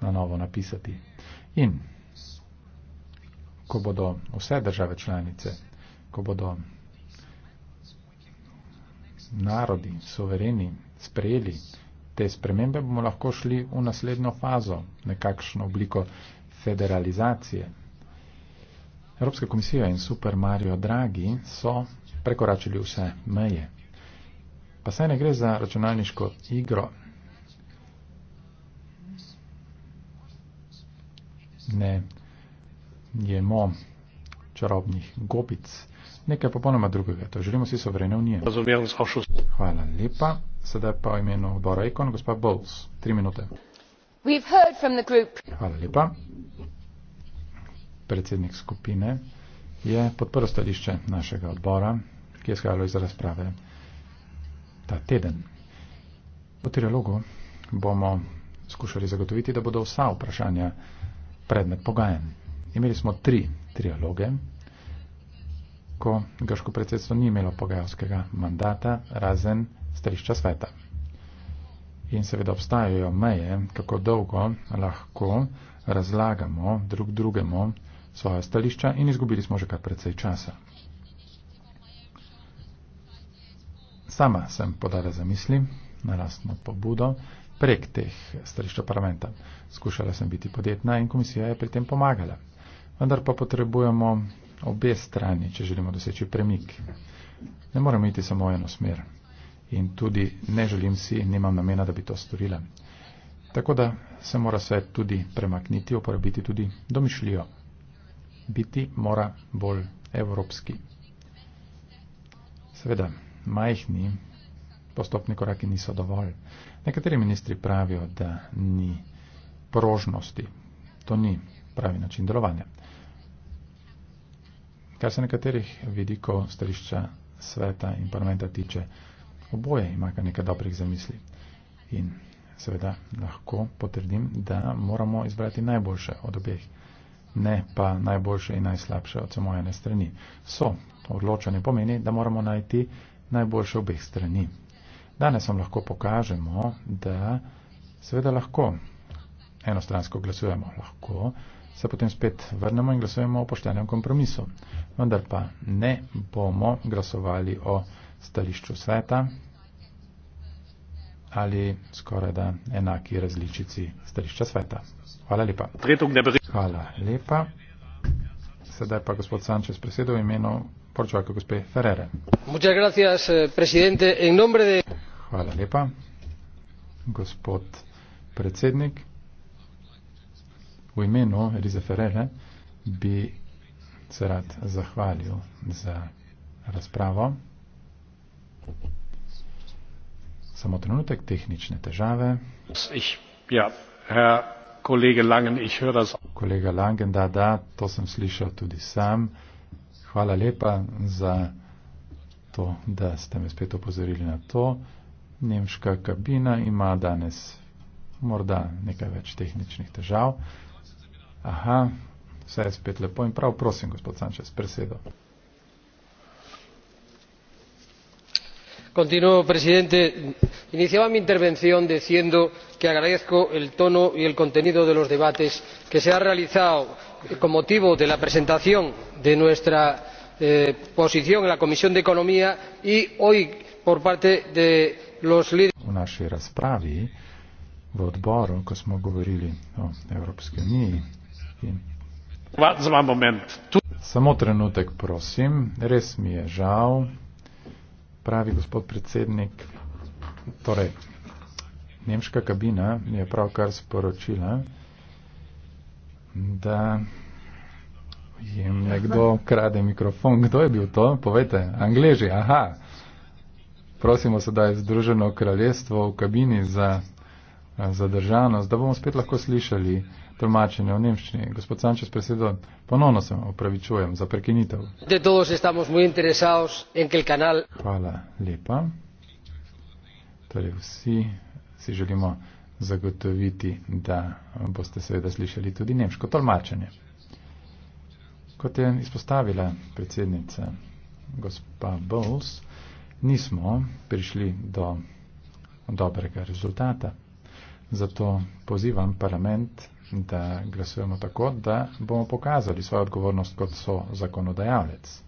na novo napisati. In ko bodo vse države članice, ko bodo narodi, sovereni, sprejeli te spremembe, bomo lahko šli v naslednjo fazo, nekakšno obliko federalizacije. Evropska komisija in Super Mario Draghi so prekoračili vse meje. Pa saj ne gre za računalniško igro. Ne jemo čarobnih gobic. Nekaj popolnoma drugega. To želimo vsi sovereno unije. Hvala lepa. Sedaj pa v imenu odbora Ekon, gospa Bowles. Tri minute. Hvala lepa. Predsednik skupine je podprl stališče našega odbora, ki je skajalo iz razprave ta teden. V trialogu bomo skušali zagotoviti, da bodo vsa vprašanja predmet pogajen. Imeli smo tri trialoge, ko grško predsedstvo ni imelo pogajalskega mandata, razen stališča sveta. In seveda obstajajo meje, kako dolgo lahko razlagamo drug drugemu svoje stališča in izgubili smo že kar precej časa. sama sem podala zamisli na lastno pobudo prek teh stališča parlamenta. Skušala sem biti podjetna in komisija je pri tem pomagala. Vendar pa potrebujemo obe strani, če želimo doseči premik. Ne moramo iti samo v eno smer. In tudi ne želim si in nimam namena, da bi to storila. Tako da se mora svet tudi premakniti, uporabiti tudi domišljijo. Biti mora bolj evropski. Seveda majhni, postopni koraki niso dovolj. Nekateri ministri pravijo, da ni porožnosti. To ni pravi način delovanja. Kar se nekaterih vidikov strišča sveta in parlamenta tiče, oboje ima ga nekaj dobrih zamisli. In seveda lahko potrdim, da moramo izbrati najboljše od obeh, ne pa najboljše in najslabše od samo ene strani. So, odločanje pomeni, da moramo najti najboljše obeh strani. Danes vam lahko pokažemo, da seveda lahko enostransko glasujemo, lahko se potem spet vrnemo in glasujemo o poštenem kompromisu. Vendar pa ne bomo glasovali o stališču sveta ali skoraj da enaki različici stališča sveta. Hvala lepa. Hvala lepa. Sedaj pa gospod Sančes presedo v imenu Ferrere. Muchas gracias, eh, presidente. En nombre de. Hvala lepa, gospod predsednik. V imenu Elize Ferrere bi se rad zahvalil za razpravo. Samo trenutek tehnične težave. Ich, ja, Herr kolega Langen, ich höre das. Kolega Langen, da, da, to sem slišal tudi sam. Hvala lepa za to, da ste me spet opozorili na to. Nemška kabina ima danes morda nekaj več tehničnih težav. Aha, vse je spet lepo in prav prosim, gospod Sančes, presedo. Continuo, presidente. Iniciaba mi intervención diciendo que agradezco el tono y el contenido de los debates que se han realizado con motivo de la presentación de nuestra eh, posición en la comisión de economía y hoy por parte de los líderes v odboru, ko smo govorili o Evropski uniji. Samo trenutek, prosim. Res mi je žal, pravi gospod predsednik. Torej, nemška kabina mi je pravkar sporočila, da jim nekdo krade mikrofon. Kdo je bil to? Povejte, angleži, aha. Prosimo sedaj Združeno kraljestvo v kabini za zadržanost, da bomo spet lahko slišali tolmačenje v nemščini. Gospod Sančes, presedo, ponovno se opravičujem za prekinitev. Hvala lepa. Torej vsi si želimo zagotoviti, da boste seveda slišali tudi nemško tolmačenje. Kot je izpostavila predsednica gospa Bowles, nismo prišli do dobrega rezultata. Zato pozivam parlament, da glasujemo tako, da bomo pokazali svojo odgovornost kot so zakonodajalec.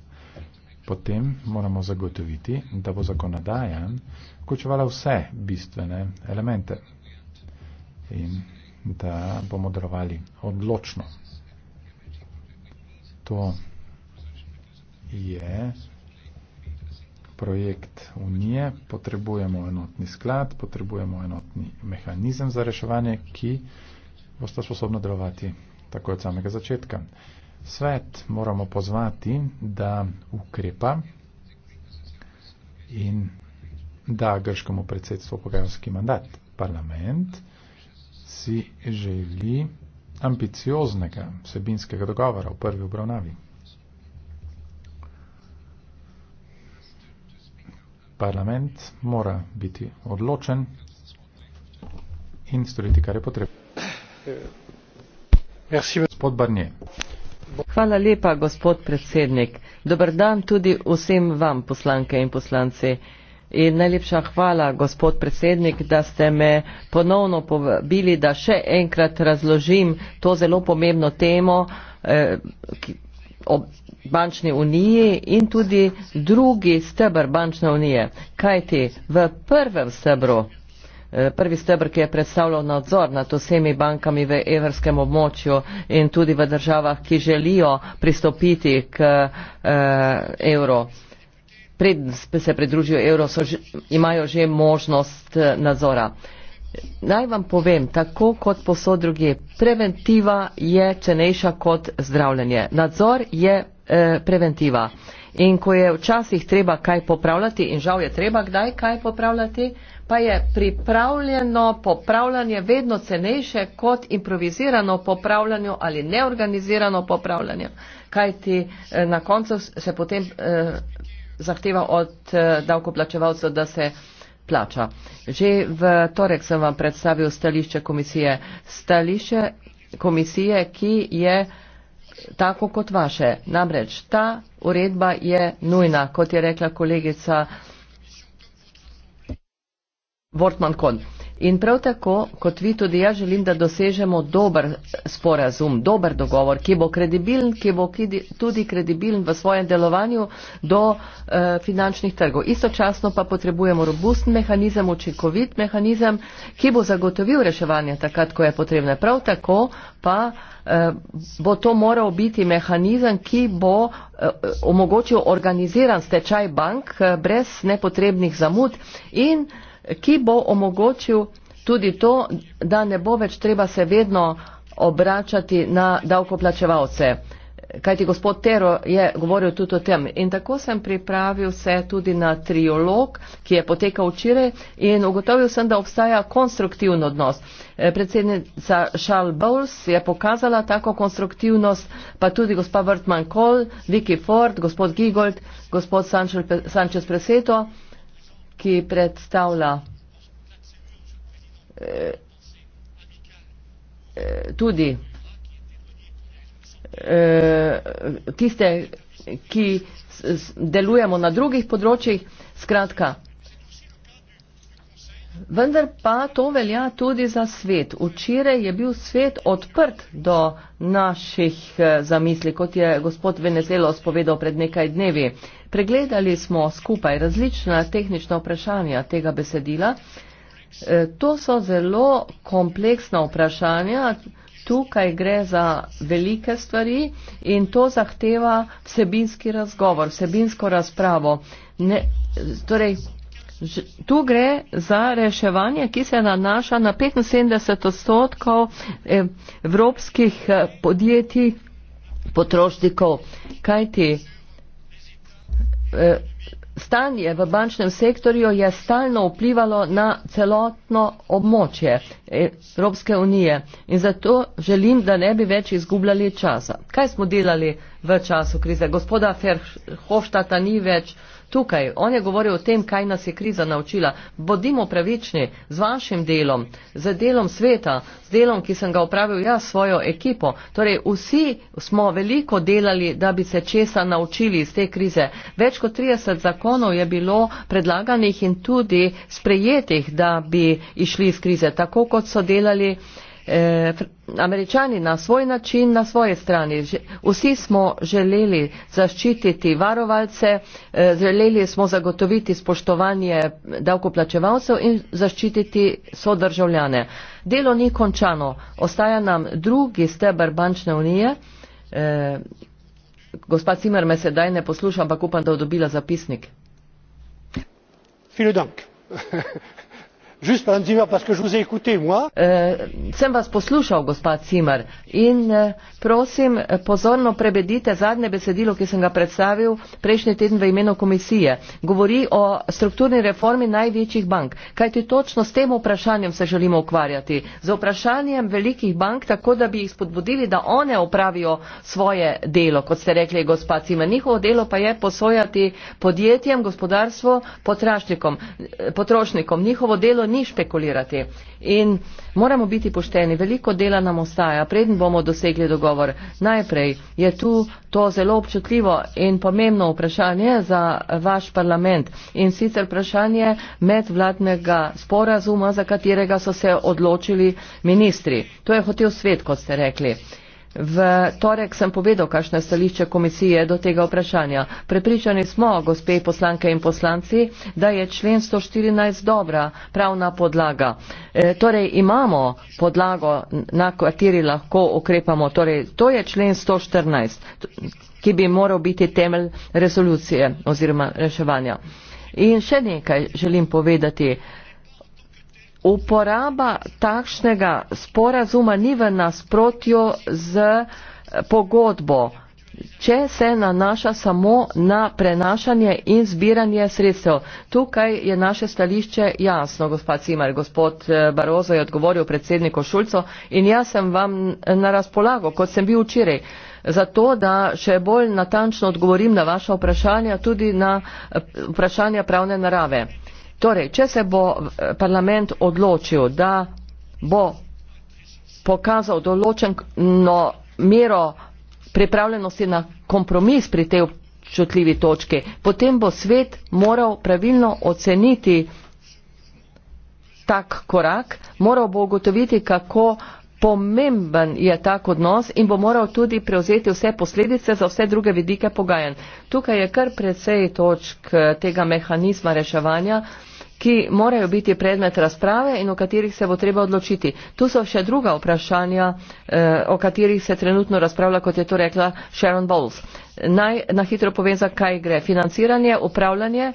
Potem moramo zagotoviti, da bo zakonodaja vključevala vse bistvene elemente in da bomo darovali odločno. To je projekt Unije, potrebujemo enotni sklad, potrebujemo enotni mehanizem za reševanje, ki bo sta sposobna darovati tako od samega začetka. Svet moramo pozvati, da ukrepa in da grškemu predsedstvu pogajalski mandat. Parlament si želi ambicioznega vsebinskega dogovora v prvi obravnavi. Parlament mora biti odločen in storiti, kar je potrebno. Hvala lepa, gospod predsednik. Dobar dan tudi vsem vam, poslanke in poslanci. In najlepša hvala, gospod predsednik, da ste me ponovno povabili, da še enkrat razložim to zelo pomembno temo eh, ki, o bančni uniji in tudi drugi stebr bančne unije. Kajti v prvem stebru, eh, prvi stebr, ki je predstavljal nadzor nad vsemi bankami v evrskem območju in tudi v državah, ki želijo pristopiti k eh, evro pred, se pridružijo evro, so, imajo že možnost eh, nadzora. Naj vam povem, tako kot posod druge, preventiva je cenejša kot zdravljenje. Nadzor je e, preventiva. In ko je včasih treba kaj popravljati in žal je treba kdaj kaj popravljati, pa je pripravljeno popravljanje vedno cenejše kot improvizirano popravljanje ali neorganizirano popravljanje. Kaj ti e, eh, na koncu se potem. E, zahteva od eh, davkoplačevalcev, da se plača. Že v torek sem vam predstavil stališče komisije. Stališče komisije, ki je tako kot vaše. Namreč ta uredba je nujna, kot je rekla kolegica Wortmann-Kohn. In prav tako, kot vi, tudi jaz želim, da dosežemo dober sporazum, dober dogovor, ki bo kredibilen, ki bo tudi kredibilen v svojem delovanju do eh, finančnih trgov. Istočasno pa potrebujemo robusten mehanizem, učinkovit mehanizem, ki bo zagotovil reševanje takrat, ko je potrebno. Prav tako pa eh, bo to moral biti mehanizem, ki bo eh, omogočil organiziran stečaj bank eh, brez nepotrebnih zamud. In, ki bo omogočil tudi to, da ne bo več treba se vedno obračati na davkoplačevalce. Kajti gospod Tero je govoril tudi o tem. In tako sem pripravil se tudi na triolog, ki je potekal včeraj in ugotovil sem, da obstaja konstruktivno odnos. E, predsednica Šal Bowles je pokazala tako konstruktivnost, pa tudi gospod Vrtman Kol, Vicky Ford, gospod Gigold, gospod Sančel, Sančez Preseto ki predstavlja eh, eh, tudi eh, tiste, ki delujemo na drugih področjih. Skratka, Vendar pa to velja tudi za svet. Včeraj je bil svet odprt do naših eh, zamisli, kot je gospod Venezelos povedal pred nekaj dnevi. Pregledali smo skupaj različna tehnična vprašanja tega besedila. Eh, to so zelo kompleksna vprašanja. Tukaj gre za velike stvari in to zahteva vsebinski razgovor, vsebinsko razpravo. Ne, torej, Tu gre za reševanje, ki se nanaša na 75 odstotkov eh, evropskih eh, podjetij potrošnikov. Kajti eh, stanje v bančnem sektorju je stalno vplivalo na celotno območje Evropske unije in zato želim, da ne bi več izgubljali časa. Kaj smo delali v času krize? Gospoda Ferhoštata ni več tukaj. On je govoril o tem, kaj nas je kriza naučila. Bodimo pravični z vašim delom, z delom sveta, z delom, ki sem ga upravil jaz s svojo ekipo. Torej, vsi smo veliko delali, da bi se česa naučili iz te krize. Več kot 30 zakonov je bilo predlaganih in tudi sprejetih, da bi išli iz krize, tako kot so delali eh, američani na svoj način, na svoje strani. Vsi smo želeli zaščititi varovalce, eh, želeli smo zagotoviti spoštovanje davkoplačevalcev in zaščititi sodržavljane. Delo ni končano. Ostaja nam drugi stebr bančne unije. Eh, gospa Cimer me sedaj ne posluša, ampak upam, da je dobila zapisnik. Hvala. Eh, sem vas poslušal, gospa Cimer, in eh, prosim, eh, pozorno prebedite zadnje besedilo, ki sem ga predstavil prejšnji teden v imenu komisije. Govori o strukturni reformi največjih bank. Kajti točno s tem vprašanjem se želimo ukvarjati. Z vprašanjem velikih bank, tako da bi jih spodbudili, da one opravijo svoje delo, kot ste rekli, gospa Cimer. Njihovo delo pa je posojati podjetjem, gospodarstvu, potrošnikom. Njihovo delo ni špekulirati. In moramo biti pošteni, veliko dela nam ostaja, preden bomo dosegli dogovor. Najprej je tu to zelo občutljivo in pomembno vprašanje za vaš parlament in sicer vprašanje medvladnega sporazuma, za katerega so se odločili ministri. To je hotel svet, kot ste rekli. V torek sem povedal, kakšno je stališče komisije do tega vprašanja. Prepričani smo, gospe poslanke in poslanci, da je člen 114 dobra pravna podlaga. E, torej imamo podlago, na kateri lahko ukrepamo. Torej, to je člen 114, ki bi moral biti temelj resolucije oziroma reševanja. In še nekaj želim povedati uporaba takšnega sporazuma ni v nasprotju z eh, pogodbo, če se nanaša samo na prenašanje in zbiranje sredstev. Tukaj je naše stališče jasno, gospod Cimar, eh, gospod Barozo je odgovoril predsedniku Šulco in jaz sem vam na razpolago, kot sem bil včeraj. Zato, da še bolj natančno odgovorim na vaše vprašanja, tudi na eh, vprašanja pravne narave. Torej, če se bo eh, parlament odločil, da bo pokazal določeno no, mero pripravljenosti na kompromis pri tej občutljivi točki, potem bo svet moral pravilno oceniti tak korak, moral bo ugotoviti, kako pomemben je tak odnos in bo moral tudi prevzeti vse posledice za vse druge vidike pogajanj. Tukaj je kar precej točk eh, tega mehanizma reševanja, ki morajo biti predmet razprave in o katerih se bo treba odločiti. Tu so še druga vprašanja, eh, o katerih se trenutno razpravlja, kot je to rekla Sharon Bowles. Naj na hitro povem, za kaj gre. Financiranje, upravljanje,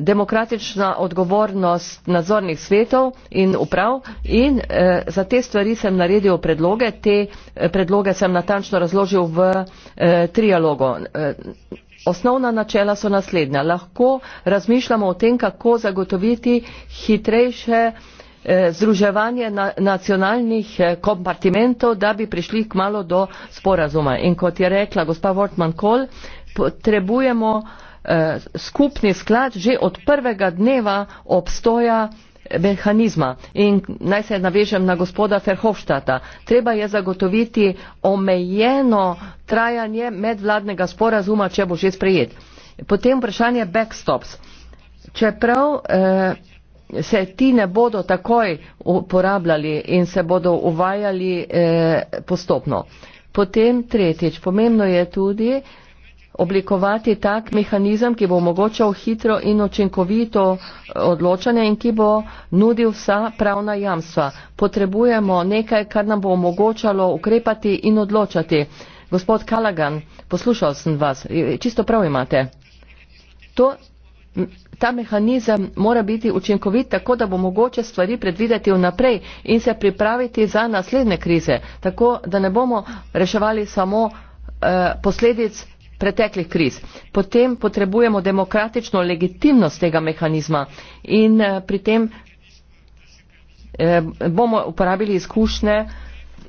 demokratična odgovornost nadzornih svetov in uprav in eh, za te stvari sem naredil predloge. Te eh, predloge sem natančno razložil v eh, trialogu. Eh, Osnovna načela so naslednja. Lahko razmišljamo o tem, kako zagotoviti hitrejše eh, združevanje nacionalnih eh, kompartimentov, da bi prišli k malo do sporazuma. In kot je rekla gospa Wortman Kohl, potrebujemo eh, skupni sklad že od prvega dneva obstoja mehanizma. In naj se navežem na gospoda Ferhofštata. Treba je zagotoviti omejeno trajanje medvladnega sporazuma, če bo že sprejet. Potem vprašanje backstops. Čeprav eh, se ti ne bodo takoj uporabljali in se bodo uvajali eh, postopno. Potem tretjič. Pomembno je tudi, oblikovati tak mehanizem, ki bo omogočal hitro in učinkovito eh, odločanje in ki bo nudil vsa pravna jamstva. Potrebujemo nekaj, kar nam bo omogočalo ukrepati in odločati. Gospod Kalagan, poslušal sem vas, čisto prav imate. To, ta mehanizem mora biti učinkovit tako, da bo mogoče stvari predvideti vnaprej in se pripraviti za naslednje krize, tako da ne bomo reševali samo eh, posledic preteklih kriz. Potem potrebujemo demokratično legitimnost tega mehanizma in eh, pri tem eh, bomo uporabili izkušnje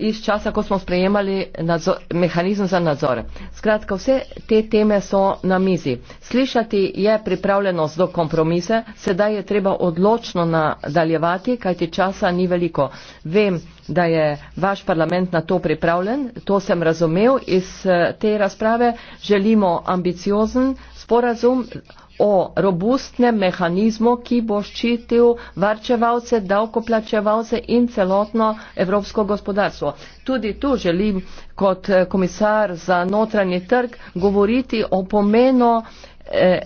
iz časa, ko smo sprejemali nadzor, mehanizem za nadzor. Skratka, vse te teme so na mizi. Slišati je pripravljenost do kompromise, sedaj je treba odločno nadaljevati, kajti časa ni veliko. Vem, da je vaš parlament na to pripravljen. To sem razumel iz eh, te razprave. Želimo ambiciozen sporazum o robustnem mehanizmu, ki bo ščitil varčevalce, davkoplačevalce in celotno evropsko gospodarstvo. Tudi tu želim kot eh, komisar za notranji trg govoriti o pomenu eh,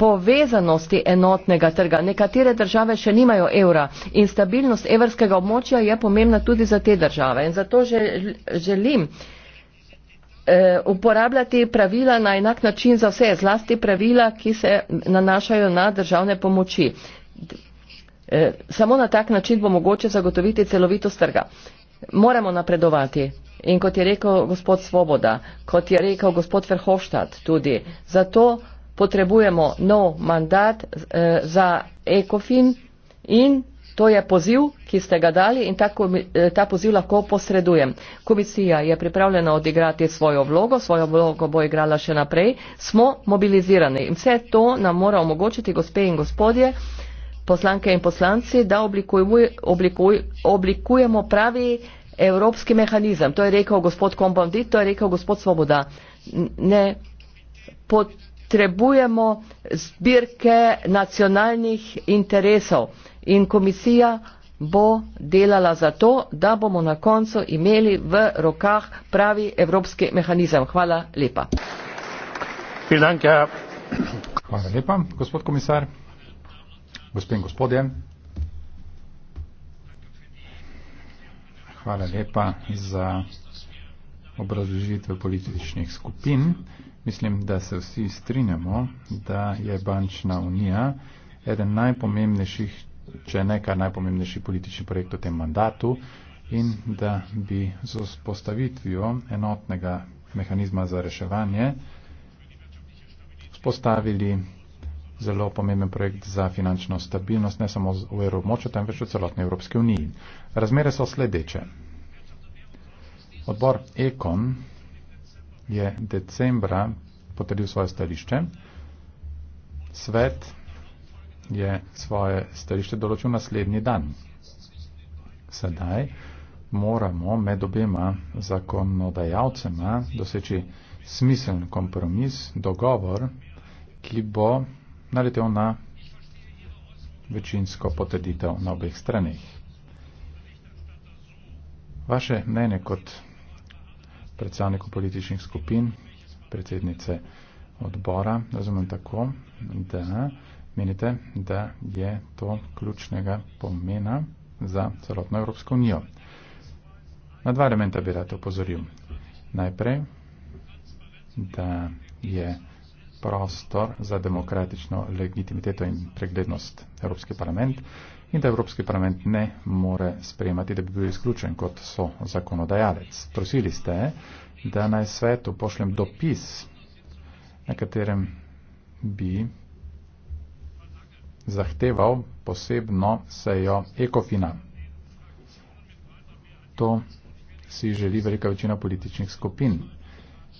povezanosti enotnega trga. Nekatere države še nimajo evra in stabilnost evrskega območja je pomembna tudi za te države. In zato želim eh, uporabljati pravila na enak način za vse, zlasti pravila, ki se nanašajo na državne pomoči. Eh, samo na tak način bo mogoče zagotoviti celovitost trga. Moramo napredovati. In kot je rekel gospod Svoboda, kot je rekel gospod Verhofstadt tudi, zato potrebujemo nov mandat eh, za ECOFIN in to je poziv, ki ste ga dali in ta, eh, ta poziv lahko posredujem. Komisija je pripravljena odigrati svojo vlogo, svojo vlogo bo igrala še naprej, smo mobilizirani in vse to nam mora omogočiti gospe in gospodje, poslanke in poslanci, da oblikujemo, oblikuj, oblikujemo pravi evropski mehanizem. To je rekel gospod Kombandit, to je rekel gospod Svoboda. Ne pod potrebujemo zbirke nacionalnih interesov in komisija bo delala za to, da bomo na koncu imeli v rokah pravi evropski mehanizem. Hvala lepa. Hvala lepa, gospod komisar. Gospod in gospodje. Hvala lepa za obrazložitve političnih skupin. Mislim, da se vsi strinjamo, da je bančna unija eden najpomembnejših, če ne kar najpomembnejši politični projekt v tem mandatu in da bi z vzpostavitvijo enotnega mehanizma za reševanje vzpostavili zelo pomemben projekt za finančno stabilnost ne samo v Evropmoču, temveč v celotni Evropski uniji. Razmere so sledeče. Odbor Ekon je decembra potrdil svoje stališče. Svet je svoje stališče določil naslednji dan. Sedaj moramo med obema zakonodajalcema doseči smiseln kompromis, dogovor, ki bo naletel na večinsko potreditev na obeh straneh. Vaše mnenje kot predstavniku političnih skupin, predsednice odbora, razumem tako, da menite, da je to ključnega pomena za celotno Evropsko unijo. Na dva elementa bi rad opozoril. Najprej, da je prostor za demokratično legitimiteto in preglednost Evropski parlament in da Evropski parlament ne more sprejemati, da bi bil izključen kot so zakonodajalec. Prosili ste, da naj svetu pošljem dopis, na katerem bi zahteval posebno sejo ekofina. To si želi velika večina političnih skupin.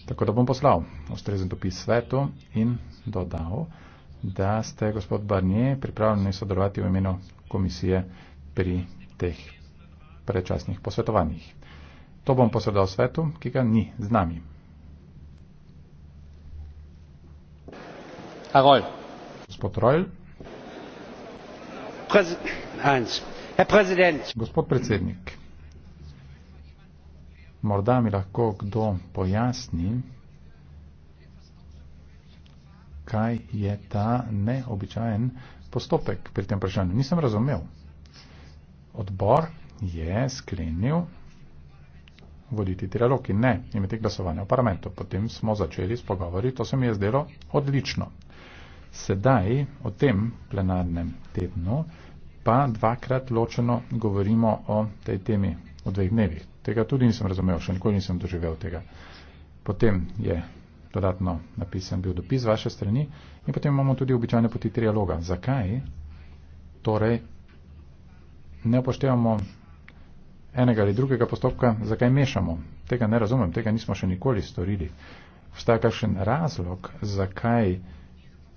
Tako da bom poslal ustrezen dopis svetu in dodal, da ste, gospod Barnier, pripravljeni sodelovati v imenu komisije pri teh prečasnih posvetovanjih. To bom posredal svetu, ki ga ni z nami. Harold. Gospod Rojl. Gospod predsednik, morda mi lahko kdo pojasni, kaj je ta neobičajen postopek pri tem vprašanju. Nisem razumel. Odbor je sklenil voditi dialog in ne imeti glasovanja v parlamentu. Potem smo začeli s pogovori, to se mi je zdelo odlično. Sedaj o tem plenarnem tednu pa dvakrat ločeno govorimo o tej temi v dveh dnevih. Tega tudi nisem razumel, še nikoli nisem doživel tega. Potem je dodatno napisan bil dopis z vaše strani in potem imamo tudi običajne poti trialoga. Zakaj? Torej, ne upoštevamo enega ali drugega postopka, zakaj mešamo. Tega ne razumem, tega nismo še nikoli storili. Vstaja kakšen razlog, zakaj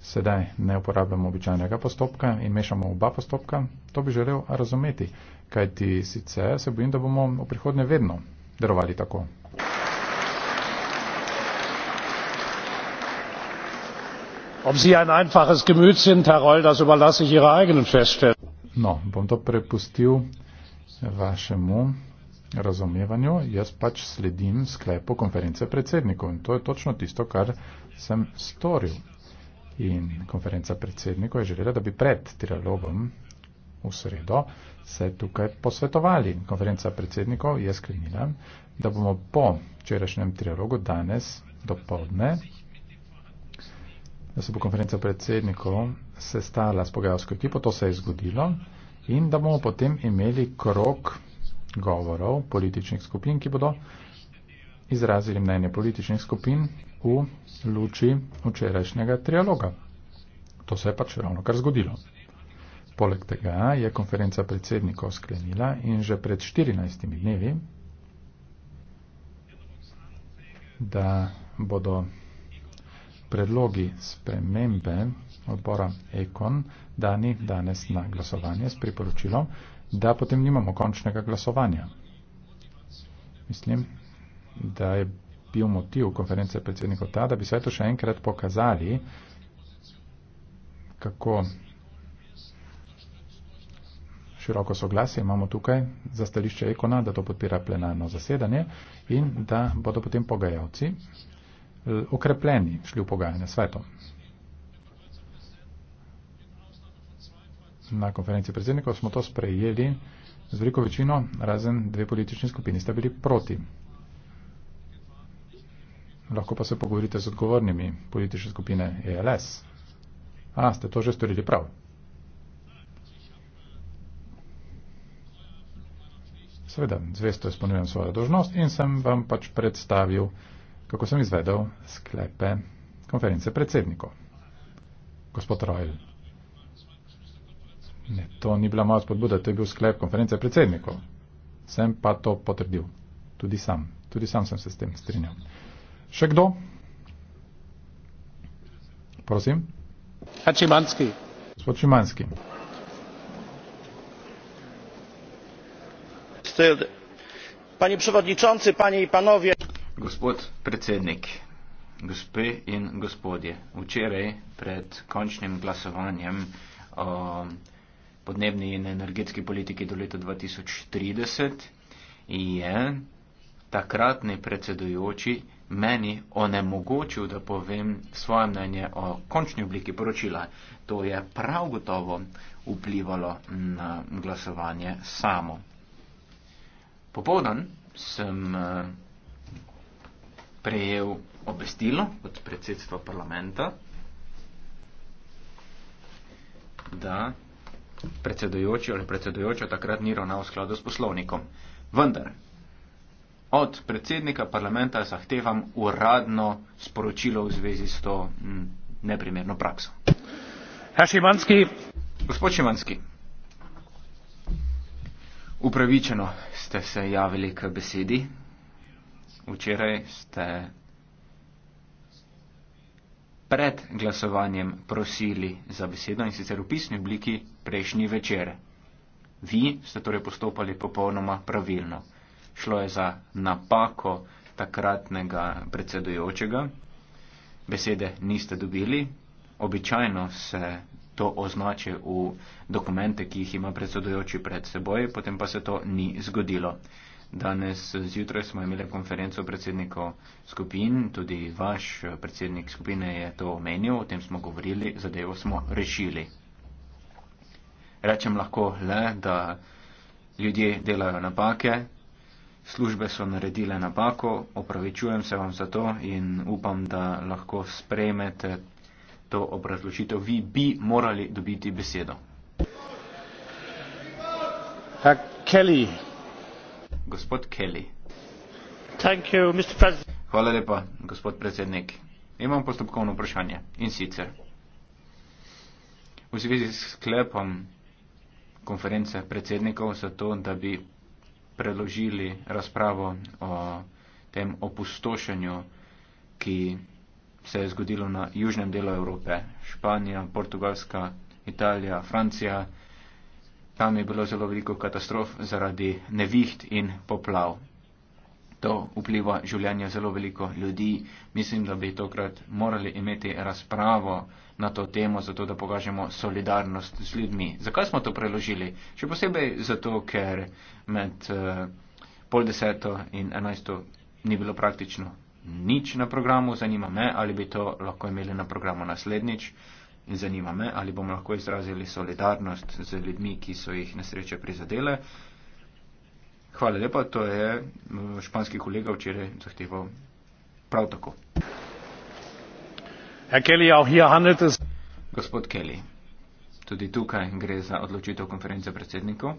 sedaj ne uporabljamo običajnega postopka in mešamo oba postopka, to bi želel razumeti, kajti sicer se bojim, da bomo v prihodnje vedno darovali tako. Ob Sie ein einfaches Gemüt sind, Herr Reul, das überlasse ich Ihrer eigenen Feststellung. No, bom to prepustil vašemu razumevanju. Jaz pač sledim sklepu konference predsednikov in to je točno tisto, kar sem storil. In konferenca predsednikov je želela, da bi pred trialogom v sredo se tukaj posvetovali. Konferenca predsednikov je sklenila, da bomo po včerajšnjem trialogu danes do povdne da se bo konferenca predsednikov sestala s pogajalsko ekipo, to se je zgodilo, in da bomo potem imeli krok govorov političnih skupin, ki bodo izrazili mnenje političnih skupin v luči včerajšnjega trialoga. To se je pač ravno kar zgodilo. Poleg tega je konferenca predsednikov sklenila in že pred 14 dnevi, da bodo predlogi spremembe odbora Ekon dani danes na glasovanje s priporočilom, da potem nimamo končnega glasovanja. Mislim, da je bil motiv konference predsednikov ta, da bi svetu še enkrat pokazali, kako široko soglasje imamo tukaj za stališče Ekona, da to podpira plenarno zasedanje in da bodo potem pogajalci Eh, okrepljeni šli v pogajanje s svetom. Na konferenci predsednikov smo to sprejeli z veliko večino, razen dve politični skupini sta bili proti. Lahko pa se pogovorite z odgovornimi politične skupine ELS. A, ste to že storili prav. Seveda, zvesto izpolnjujem svojo dožnost in sem vam pač predstavil kako sem izvedel sklepe konference predsednikov. Gospod Rojl, ne, to ni bila moja spodbuda, to je bil sklep konference predsednikov. Sem pa to potrdil. Tudi sam. Tudi sam sem se s tem strinjal. Še kdo? Prosim. Hačimanski. Gospod Šimanski. Panie przewodniczący, panie i panowie. Gospod predsednik, gospe in gospodje, včeraj pred končnim glasovanjem o podnebni in energetski politiki do leta 2030 je takratni predsedujoči meni onemogočil, da povem svoje mnenje o končni obliki poročila. To je prav gotovo vplivalo na glasovanje samo. Popoldan sem eh, prejel obvestilo od predsedstva parlamenta, da predsedujoči ali predsedujoča takrat ni ravnal v skladu s poslovnikom. Vendar od predsednika parlamenta zahtevam uradno sporočilo v zvezi s to neprimerno prakso. Šimanski. Gospod Šimanski, upravičeno ste se javili k besedi včeraj ste pred glasovanjem prosili za besedo in sicer v pisni obliki prejšnji večer. Vi ste torej postopali popolnoma pravilno. Šlo je za napako takratnega predsedujočega. Besede niste dobili. Običajno se to označi v dokumente, ki jih ima predsedujoči pred seboj, potem pa se to ni zgodilo. Danes zjutraj smo imeli konferenco predsednikov skupin, tudi vaš eh, predsednik skupine je to omenil, o tem smo govorili, zadevo smo rešili. Rečem lahko le, da ljudje delajo napake, službe so naredile napako, opravičujem se vam za to in upam, da lahko sprejmete to obrazložitev. Vi bi morali dobiti besedo. Kelly, gospod Kelly. You, Hvala lepa, gospod predsednik. Imam postopkovno vprašanje in sicer v zvezi s sklepom konference predsednikov za to, da bi preložili razpravo o tem opustošenju, ki se je zgodilo na južnem delu Evrope, Španija, Portugalska, Italija, Francija. Tam je bilo zelo veliko katastrof zaradi neviht in poplav. To vpliva življenje zelo veliko ljudi. Mislim, da bi tokrat morali imeti razpravo na to temo, zato da pokažemo solidarnost z ljudmi. Zakaj smo to preložili? Še posebej zato, ker med uh, pol deseto in enajsto ni bilo praktično nič na programu. Zanima me, ali bi to lahko imeli na programu naslednjič. Uh, In zanima me, ali bomo lahko izrazili solidarnost z ljudmi, ki so jih nesreče prizadele. Hvala lepa, to je eh, španski kolega včeraj zahteval prav tako. Kelly, Gospod Kelly, tudi tukaj gre za odločitev konference predsednikov.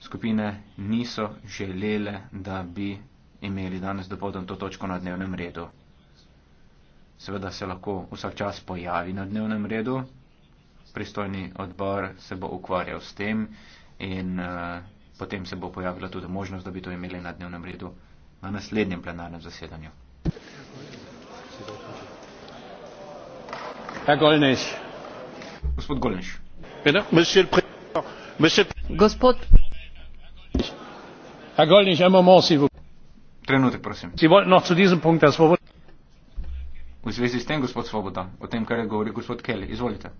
Skupine niso želele, da bi imeli danes dopoldan to točko na dnevnem redu seveda se lahko vsak čas pojavi na dnevnem redu. Pristojni odbor se bo ukvarjal s tem in uh, potem se bo pojavila tudi možnost, da bi to imeli na dnevnem redu na naslednjem plenarnem zasedanju. Gospod Golniš. Gospod. Herr Goldnich, un moment, s'il vous plaît. Sie wollten noch zu diesem Punkt das Wort. V zvezi s tem, gospod Svoboda, o tem, kar je govoril gospod Kelly, izvolite.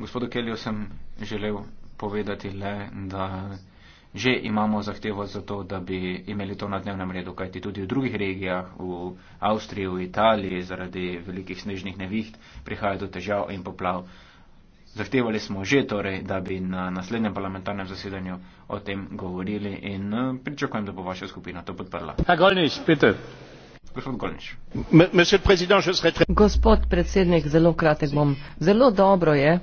Gospodu Kellyju sem želel povedati le, da že imamo zahtevo za to, da bi imeli to na dnevnem redu, kajti tudi v drugih regijah, v Avstriji, v Italiji, zaradi velikih snežnih neviht prihaja do težav in poplav. Zahtevali smo že torej, da bi na naslednjem parlamentarnem zasedanju o tem govorili in eh, pričakujem, da bo vaša skupina to podprla. Herr Golnič, bitte gospod predsednik zelo kratek bom zelo dobro je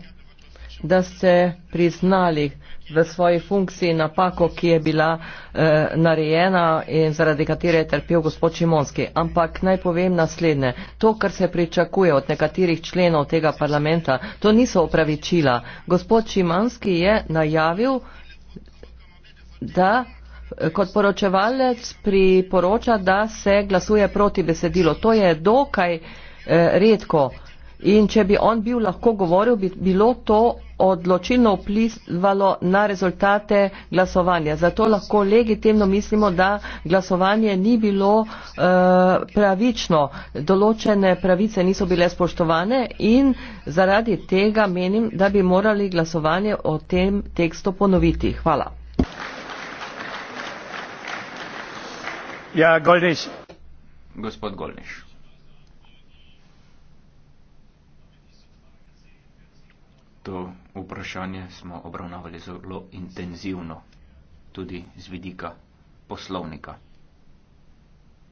da ste priznali v svoji funkciji napako ki je bila eh, narejena in zaradi katere je trpel gospod Šimonski ampak naj povem naslednje to kar se pričakuje od nekaterih členov tega parlamenta to niso opravičila gospod Šimonski je najavil da kot poročevalec priporoča, da se glasuje proti besedilo. To je dokaj eh, redko. In če bi on bil lahko govoril, bi bilo to odločilno vplivalo na rezultate glasovanja. Zato lahko legitimno mislimo, da glasovanje ni bilo uh, pravično, določene pravice niso bile spoštovane in zaradi tega menim, da bi morali glasovanje o tem tekstu ponoviti. Hvala. Ja, gospod Golniš. To vprašanje smo obravnavali zelo intenzivno, tudi z vidika poslovnika.